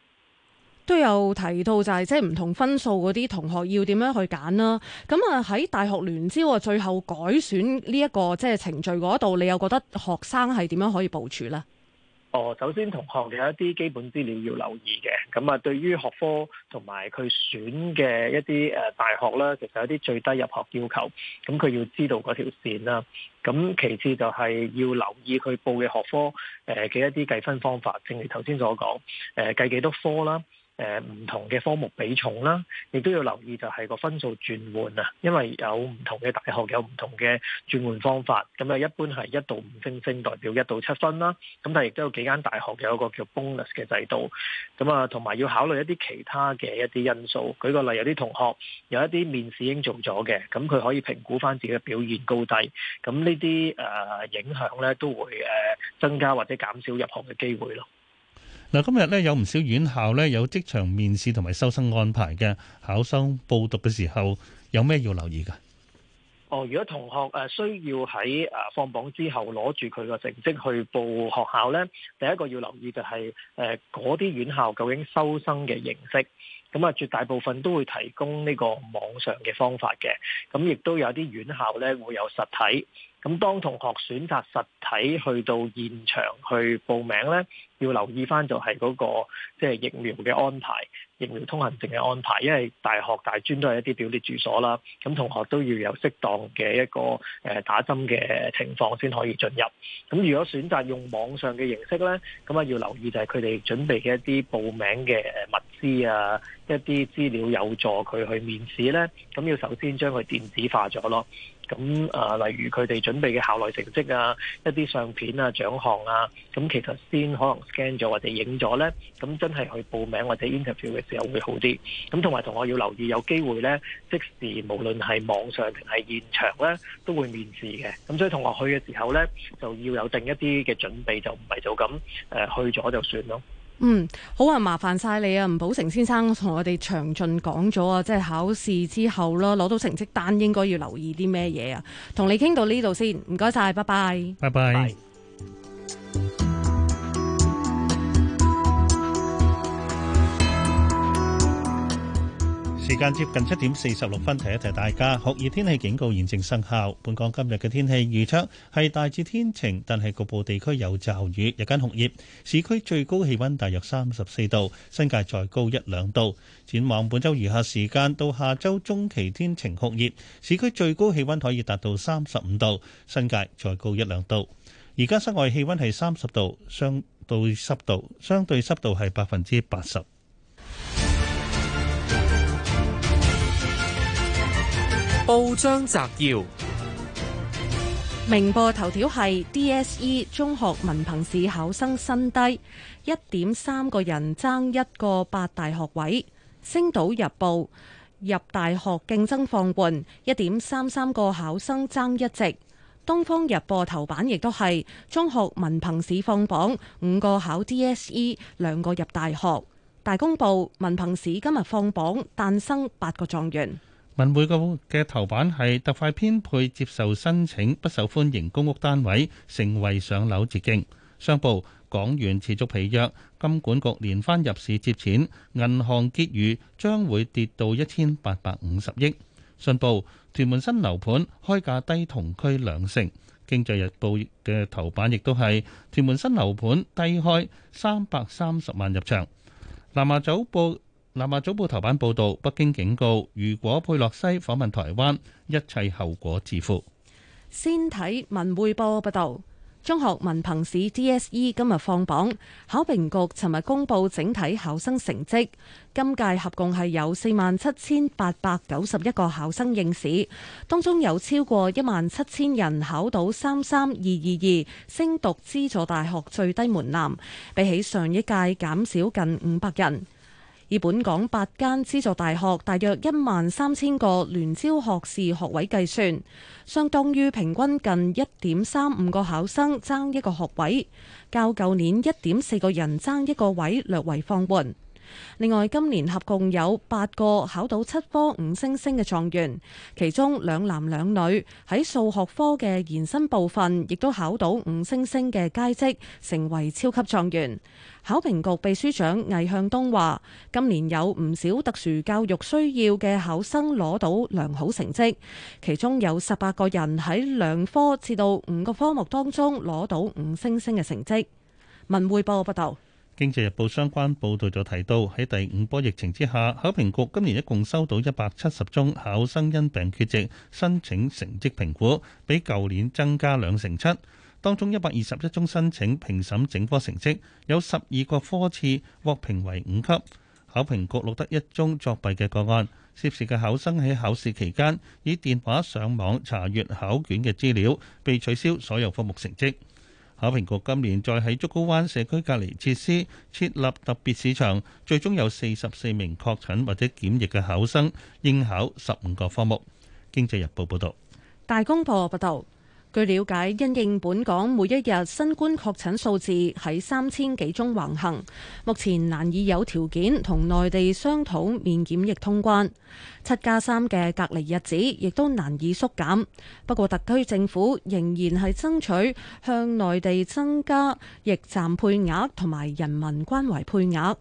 [SPEAKER 3] 都有提到就係、是、即係唔同分數嗰啲同學要點樣去揀啦。咁啊喺大學聯招啊最後改選呢、這、一個即係、就是、程序嗰度，你又覺得學生係點樣可以部署呢？
[SPEAKER 20] 哦，首先同學有一啲基本資料要留意嘅，咁啊對於學科同埋佢選嘅一啲誒大學啦，其實有啲最低入學要求，咁佢要知道嗰條線啦。咁其次就係要留意佢報嘅學科誒嘅一啲計分方法，正如頭先所講，誒計幾多科啦。誒唔同嘅科目比重啦，亦都要留意就係個分數轉換啊，因為有唔同嘅大學有唔同嘅轉換方法。咁啊，一般係一到五星星代表一到七分啦。咁但係亦都有幾間大學有一個叫 bonus 嘅制度。咁啊，同埋要考慮一啲其他嘅一啲因素。舉個例，有啲同學有一啲面試已經做咗嘅，咁佢可以評估返自己嘅表現高低。咁呢啲誒影響咧都會誒增加或者減少入學嘅機會咯。
[SPEAKER 4] 嗱，今日咧有唔少院校咧有即場面試同埋收生安排嘅考生報讀嘅時候，有咩要留意㗎？哦，
[SPEAKER 20] 如果同學誒需要喺誒放榜之後攞住佢個成績去報學校咧，第一個要留意就係誒嗰啲院校究竟收生嘅形式。咁啊，絕大部分都會提供呢個網上嘅方法嘅，咁亦都有啲院校咧會有實體。咁當同學選擇實體去到現場去報名咧，要留意返就係嗰、那個即係、就是、疫苗嘅安排、疫苗通行證嘅安排，因為大學大專都係一啲表列住所啦。咁同學都要有適當嘅一個誒打針嘅情況先可以進入。咁如果選擇用網上嘅形式咧，咁啊要留意就係佢哋準備嘅一啲報名嘅誒物資啊。一啲資料有助佢去面試呢，咁要首先將佢電子化咗咯。咁啊，呃，例如佢哋準備嘅校內成績啊，一啲相片啊、獎項啊，咁其實先可能 scan 咗或者影咗呢，咁真係去報名或者 interview 嘅時候會好啲。咁同埋同學要留意有機會呢，即時無論係網上定係現場呢，都會面試嘅。咁所以同學去嘅時候呢，就要有定一啲嘅準備，就唔係就咁誒去咗就算咯。
[SPEAKER 3] 嗯，好啊，麻煩晒你啊，吳寶成先生同我哋詳盡講咗啊，即係考試之後囉，攞到成績單應該要留意啲咩嘢啊？同你傾到呢度先，唔該晒，拜拜，
[SPEAKER 4] 拜拜。時間接近七點四十六分，提一提大家，酷熱天氣警告現正生效。本港今日嘅天氣預測係大致天晴，但係局部地區有驟雨，日間酷熱。市區最高氣溫大約三十四度，新界再高一兩度。展望本周餘下時間，到下周中期天晴酷熱，市區最高氣溫可以達到三十五度，新界再高一兩度。而家室外氣溫係三十度，相對濕度，相對濕度係百分之八十。
[SPEAKER 9] 報章摘要：
[SPEAKER 3] 明報頭條係 DSE 中學文憑試考生新低，一點三個人爭一個八大學位。星島日報入大學競爭放緩，一點三三個考生爭一席。東方日報頭版亦都係中學文憑試放榜，五個考 DSE，兩個入大學。大公報文憑試今日放榜，誕生八個狀元。
[SPEAKER 4] 文匯報嘅頭版係特快編配接受申請不受歡迎公屋單位成為上樓捷徑。商報港元持續疲弱，金管局連番入市接錢，銀行結餘將會跌到一千八百五十億。信報屯門新樓盤開價低同區兩成。經濟日報嘅頭版亦都係屯門新樓盤低開三百三十萬入場。南華早報《南華早報》頭版報道，北京警告，如果佩洛西訪問台灣，一切後果自負。
[SPEAKER 3] 先睇文匯報報道，中學文憑試 DSE 今日放榜，考評局尋日公佈整體考生成績。今屆合共係有四萬七千八百九十一個考生應試，當中有超過一萬七千人考到三三二二二，升讀資助大學最低門檻，比起上一屆減少近五百人。以本港八間資助大學大約一萬三千個聯招學士學位計算，相當於平均近一點三五個考生爭一個學位，較舊年一點四個人爭一個位略為放緩。另外，今年合共有八個考到七科五星星嘅狀元，其中兩男兩女喺數學科嘅延伸部分亦都考到五星星嘅佳績，成為超級狀元。考評局秘書長魏向東話，今年有唔少特殊教育需要嘅考生攞到良好成績，其中有十八個人喺兩科至到五個科目當中攞到五星星嘅成績。文匯報報道。
[SPEAKER 4] 經濟日報相關報道就提到，喺第五波疫情之下，考評局今年一共收到一百七十宗考生因病缺席申請成績評估，比舊年增加兩成七。當中一百二十一宗申請評審整科成績，有十二個科次獲評為五級。考評局錄得一宗作弊嘅個案，涉事嘅考生喺考試期間以電話上網查閱考卷嘅資料，被取消所有科目成績。考評局今年再喺竹篙灣社區隔離設施設立特別市場，最終有四十四名確診或者檢疫嘅考生應考十五個科目。經濟日報報道。
[SPEAKER 3] 大公報報道。據了解，因應本港每一日新冠確診數字喺三千幾宗橫行，目前難以有條件同內地商討免檢疫通關，七加三嘅隔離日子亦都難以縮減。不過特區政府仍然係爭取向內地增加疫站配額同埋人民關懷配額。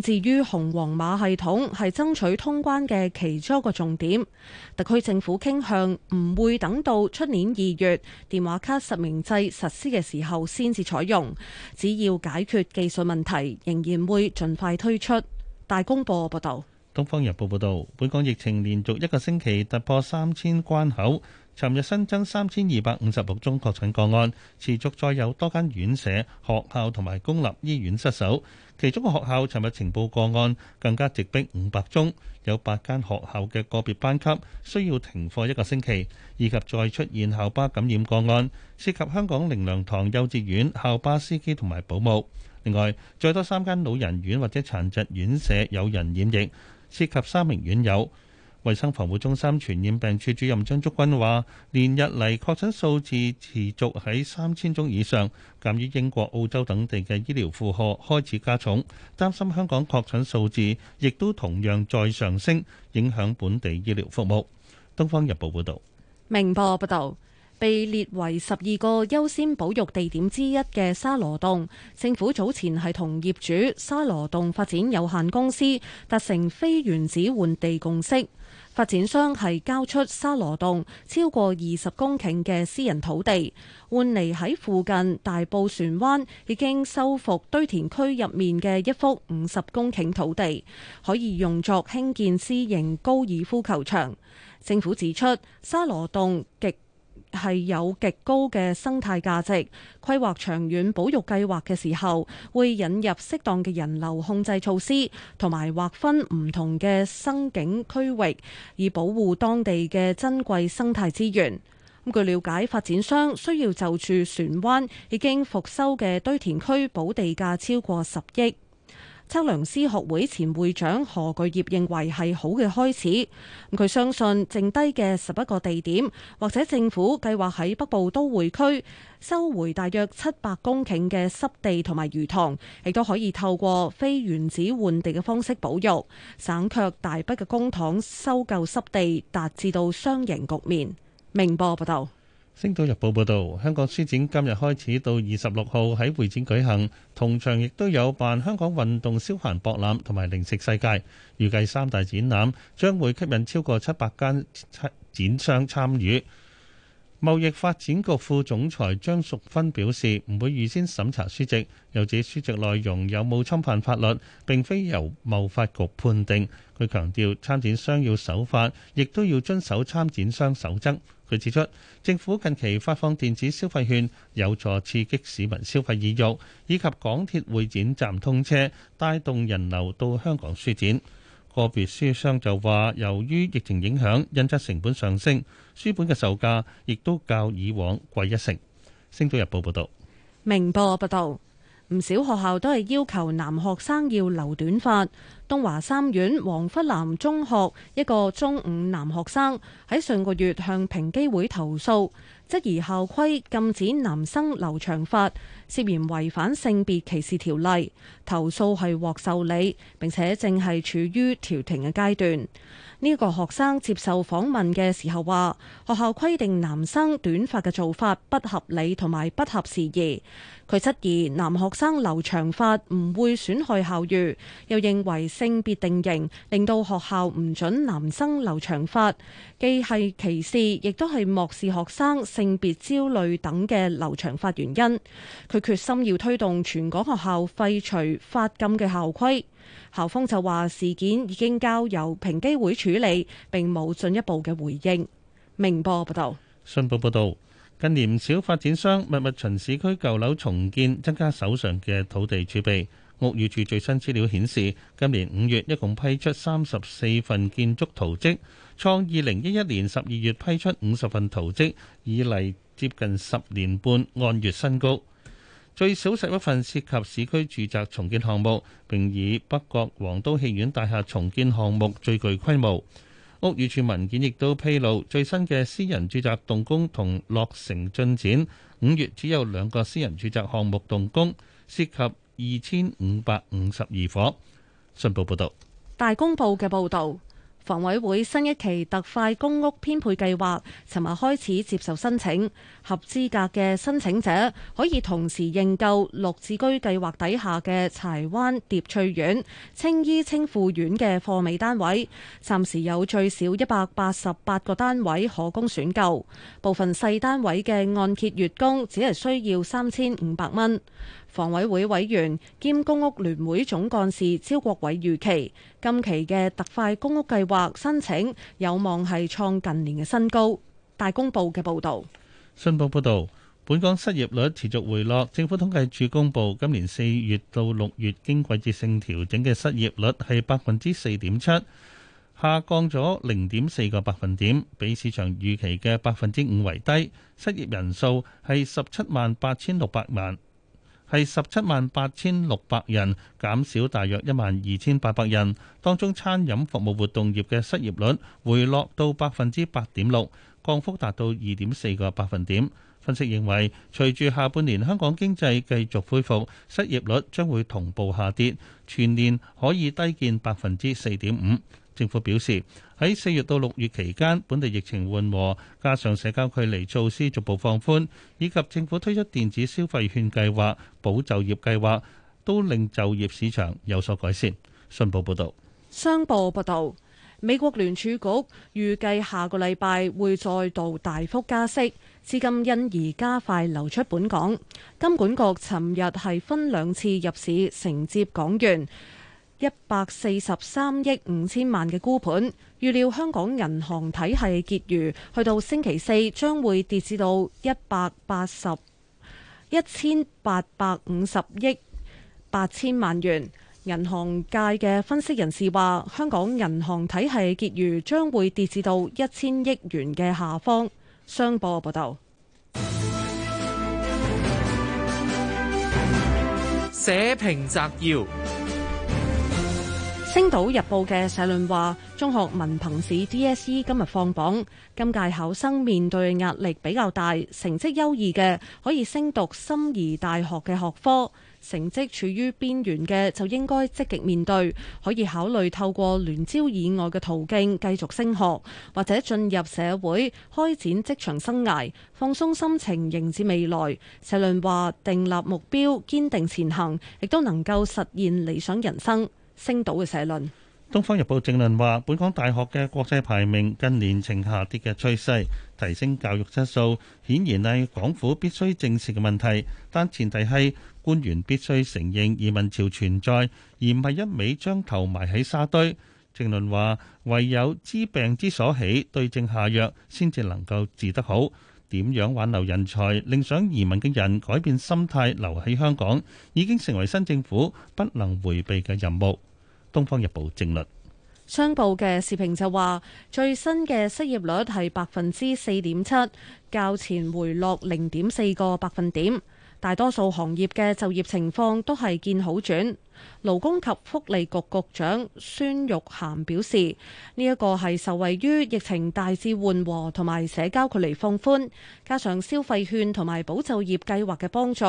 [SPEAKER 3] 至於紅黃碼系統係爭取通關嘅其中一個重點，特區政府傾向唔會等到出年二月電話卡實名制實施嘅時候先至採用，只要解決技術問題，仍然會盡快推出。大公報報道。
[SPEAKER 4] 《東方日報》報道，本港疫情連續一個星期突破三千關口，尋日新增三千二百五十六宗確診個案，持續再有多間院舍、學校同埋公立醫院失守。其中學校尋日呈報個案更加直逼五百宗，有八間學校嘅個別班級需要停課一個星期，以及再出現校巴感染個案，涉及香港靈糧堂幼稚園校巴司機同埋保姆。另外，再多三間老人院或者殘疾院舍有人染疫，涉及三名院友。衛生防護中心傳染病處主任張竹君話，連日嚟確診數字持續喺三千宗以上，鑒於英國、澳洲等地嘅醫療負荷開始加重，擔心香港確診數字亦都同樣再上升，影響本地醫療服務。東方日報報道，
[SPEAKER 3] 明報報道，被列為十二個優先保育地點之一嘅沙羅洞，政府早前係同業主沙羅洞發展有限公司達成非原子換地共識。發展商係交出沙羅洞超過二十公頃嘅私人土地，換嚟喺附近大埔船灣已經修復堆填區入面嘅一幅五十公頃土地，可以用作興建私營高爾夫球場。政府指出，沙羅洞極係有極高嘅生態價值，規劃長遠保育計劃嘅時候，會引入適當嘅人流控制措施，劃同埋劃分唔同嘅生境區域，以保護當地嘅珍貴生態資源。咁據了解，發展商需要就住船灣已經復修嘅堆填區補地價超過十億。測量師學會前會長何巨業認為係好嘅開始，佢相信剩低嘅十一個地點，或者政府計劃喺北部都會區收回大約七百公頃嘅濕地同埋魚塘，亦都可以透過非原址換地嘅方式保育，省卻大筆嘅公帑收購濕地，達至到雙贏局面。明報報道。
[SPEAKER 4] 星島日報報道，香港書展今日開始到二十六號喺會展舉行，同場亦都有辦香港運動消閒博覽同埋零食世界，預計三大展覽將會吸引超過七百間展商參與。貿易發展局副總裁張淑芬表示，唔會預先審查書籍，又指書籍內容有冇侵犯法律，並非由貿發局判定。佢強調，參展商要守法，亦都要遵守參展商守則。佢指出，政府近期發放電子消費券，有助刺激市民消費意欲，以及港鐵會展站通車，帶動人流到香港書展。個別書商就話，由於疫情影響，印刷成本上升。書本嘅售價亦都較以往貴一成。星島日報報道，
[SPEAKER 3] 明報報道，唔少學校都係要求男學生要留短髮。東華三院黃笏南中學一個中五男學生喺上個月向平機會投訴，質疑校規禁止男生留長髮，涉嫌違反性別歧視條例。投訴係獲受理，並且正係處於調停嘅階段。呢個學生接受訪問嘅時候話，學校規定男生短髮嘅做法不合理同埋不合時宜。佢質疑男學生留長髮唔會損害校譽，又認為性別定型令到學校唔准男生留長髮，既係歧視，亦都係漠視學生性別焦慮等嘅留長髮原因。佢決心要推動全港學校廢除髮禁嘅校規。校方就話事件已經交由平機會處理，並冇進一步嘅回應。明報報道，
[SPEAKER 4] 信報報道，近年唔少發展商密密巡市區舊樓重建，增加手上嘅土地儲備。屋宇署最新資料顯示，今年五月一共批出三十四份建築圖則，創二零一一年十二月批出五十份圖則以嚟，接近十年半按月新高。最少十一份涉及市區住宅重建項目，並以北角皇都戲院大廈重建項目最具規模。屋宇署文件亦都披露最新嘅私人住宅動工同落成進展。五月只有兩個私人住宅項目動工，涉及二千五百五十二伙。信報報道，
[SPEAKER 3] 大公報嘅報道。房委會新一期特快公屋編配計劃，尋日開始接受申請，合資格嘅申請者可以同時認購綠置居計劃底下嘅柴灣蝶翠苑、青衣青富苑嘅貨尾單位，暫時有最少一百八十八個單位可供選購，部分細單位嘅按揭月供只係需要三千五百蚊。房委會委員兼公屋聯會總幹事招國偉預期，今期嘅特快公屋計劃申請有望係創近年嘅新高。大公報嘅報道，
[SPEAKER 4] 信報報道，本港失業率持續回落。政府統計處公布，今年四月到六月經季節性調整嘅失業率係百分之四點七，下降咗零點四個百分點，比市場預期嘅百分之五為低。失業人數係十七萬八千六百萬。係十七萬八千六百人，減少大約一萬二千八百人。當中餐飲服務活動業嘅失業率回落到百分之八點六，降幅達到二點四個百分點。分析認為，隨住下半年香港經濟繼續恢復，失業率將會同步下跌，全年可以低見百分之四點五。政府表示，喺四月到六月期間，本地疫情緩和，加上社交距離措施逐步放寬，以及政府推出電子消費券計劃、保就業計劃，都令就業市場有所改善。信報報道，
[SPEAKER 3] 商報報道：美國聯儲局預計下個禮拜會再度大幅加息，資金因而加快流出本港。金管局尋日係分兩次入市承接港元。一百四十三億五千萬嘅沽盤，預料香港銀行體系結餘去到星期四將會跌至到一百八十一千八百五十億八千萬元。銀行界嘅分析人士話，香港銀行體系結餘將會跌至到一千億元嘅下方。商報報道，社評摘要。《星島日報》嘅社論話：中學文憑試 DSE 今日放榜，今屆考生面對壓力比較大，成績優異嘅可以升讀心儀大學嘅學科；成績處於邊緣嘅就應該積極面對，可以考慮透過聯招以外嘅途徑繼續升學，或者進入社會開展職場生涯，放鬆心情，迎接未來。社論話：訂立目標，堅定前行，亦都能夠實現理想人生。星島嘅社論，
[SPEAKER 4] 《東方日報》正論話：本港大學嘅國際排名近年呈下跌嘅趨勢，提升教育質素顯然係港府必須正視嘅問題。但前提係官員必須承認移民潮存在，而唔係一味將頭埋喺沙堆。正論話：唯有知病之所起，對症下藥，先至能夠治得好。點樣挽留人才，令想移民嘅人改變心態留喺香港，已經成為新政府不能迴避嘅任務。《東方日報》正論，
[SPEAKER 3] 商報嘅視頻就話，最新嘅失業率係百分之四點七，較前回落零點四個百分點。大多數行業嘅就業情況都係見好轉。勞工及福利局局長孫玉涵表示，呢一個係受惠於疫情大致緩和同埋社交距離放寬，加上消費券同埋保就業計劃嘅幫助。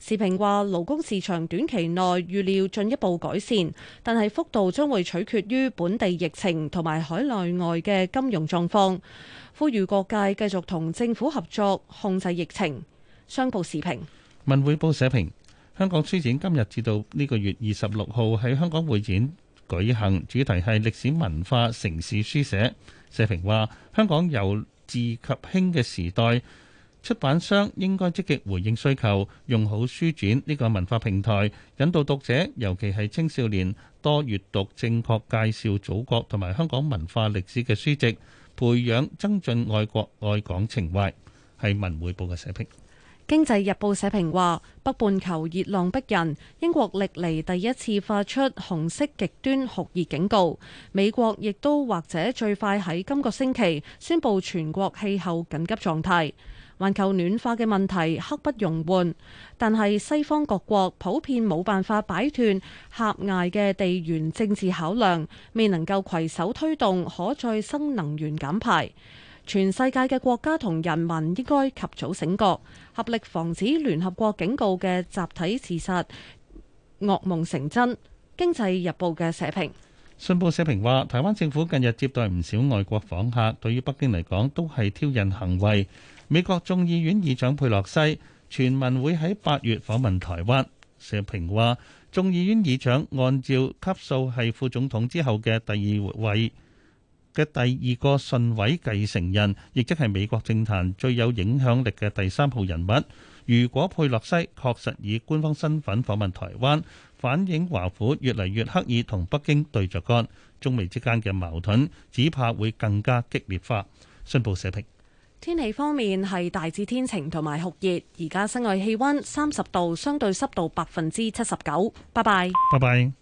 [SPEAKER 3] 時評話，勞工市場短期內預料進一步改善，但係幅度將會取決於本地疫情同埋海內外嘅金融狀況。呼籲各界繼續同政府合作控制疫情。商報時評。
[SPEAKER 4] 文匯報社評：香港書展今日至到呢個月二十六號喺香港會展舉行，主題係歷史文化城市書寫。社評話，香港由治及興嘅時代，出版商應該積極回應需求，用好書展呢個文化平台，引導讀者，尤其係青少年多閱讀正確介紹祖國同埋香港文化歷史嘅書籍，培養增進愛國愛港情懷。係文匯報嘅社評。
[SPEAKER 3] 《經濟日報》社評話：北半球熱浪逼人，英國歷嚟第一次發出紅色極端酷熱警告。美國亦都或者最快喺今個星期宣布全國氣候緊急狀態。環球暖化嘅問題刻不容緩，但係西方各國普遍冇辦法擺脫狹隘嘅地緣政治考量，未能夠攜手推動可再生能源減排。全世界嘅國家同人民應該及早醒覺。合力防止聯合國警告嘅集體自殺惡夢成真。經濟日報嘅社
[SPEAKER 4] 評，信報社評話，台灣政府近日接待唔少外國訪客，對於北京嚟講都係挑釁行為。美國眾議院議長佩洛西傳聞會喺八月訪問台灣。社評話，眾議院議長按照級數係副總統之後嘅第二位。嘅第二個順位繼承人，亦即係美國政壇最有影響力嘅第三號人物。如果佩洛西確實以官方身份訪問台灣，反映華府越嚟越刻意同北京對着幹，中美之間嘅矛盾只怕會更加激烈化。信報社評。
[SPEAKER 3] 天氣方面係大致天晴同埋酷熱，而家室外氣温三
[SPEAKER 18] 十度，相對濕度百分之七十九。拜拜。
[SPEAKER 4] 拜拜。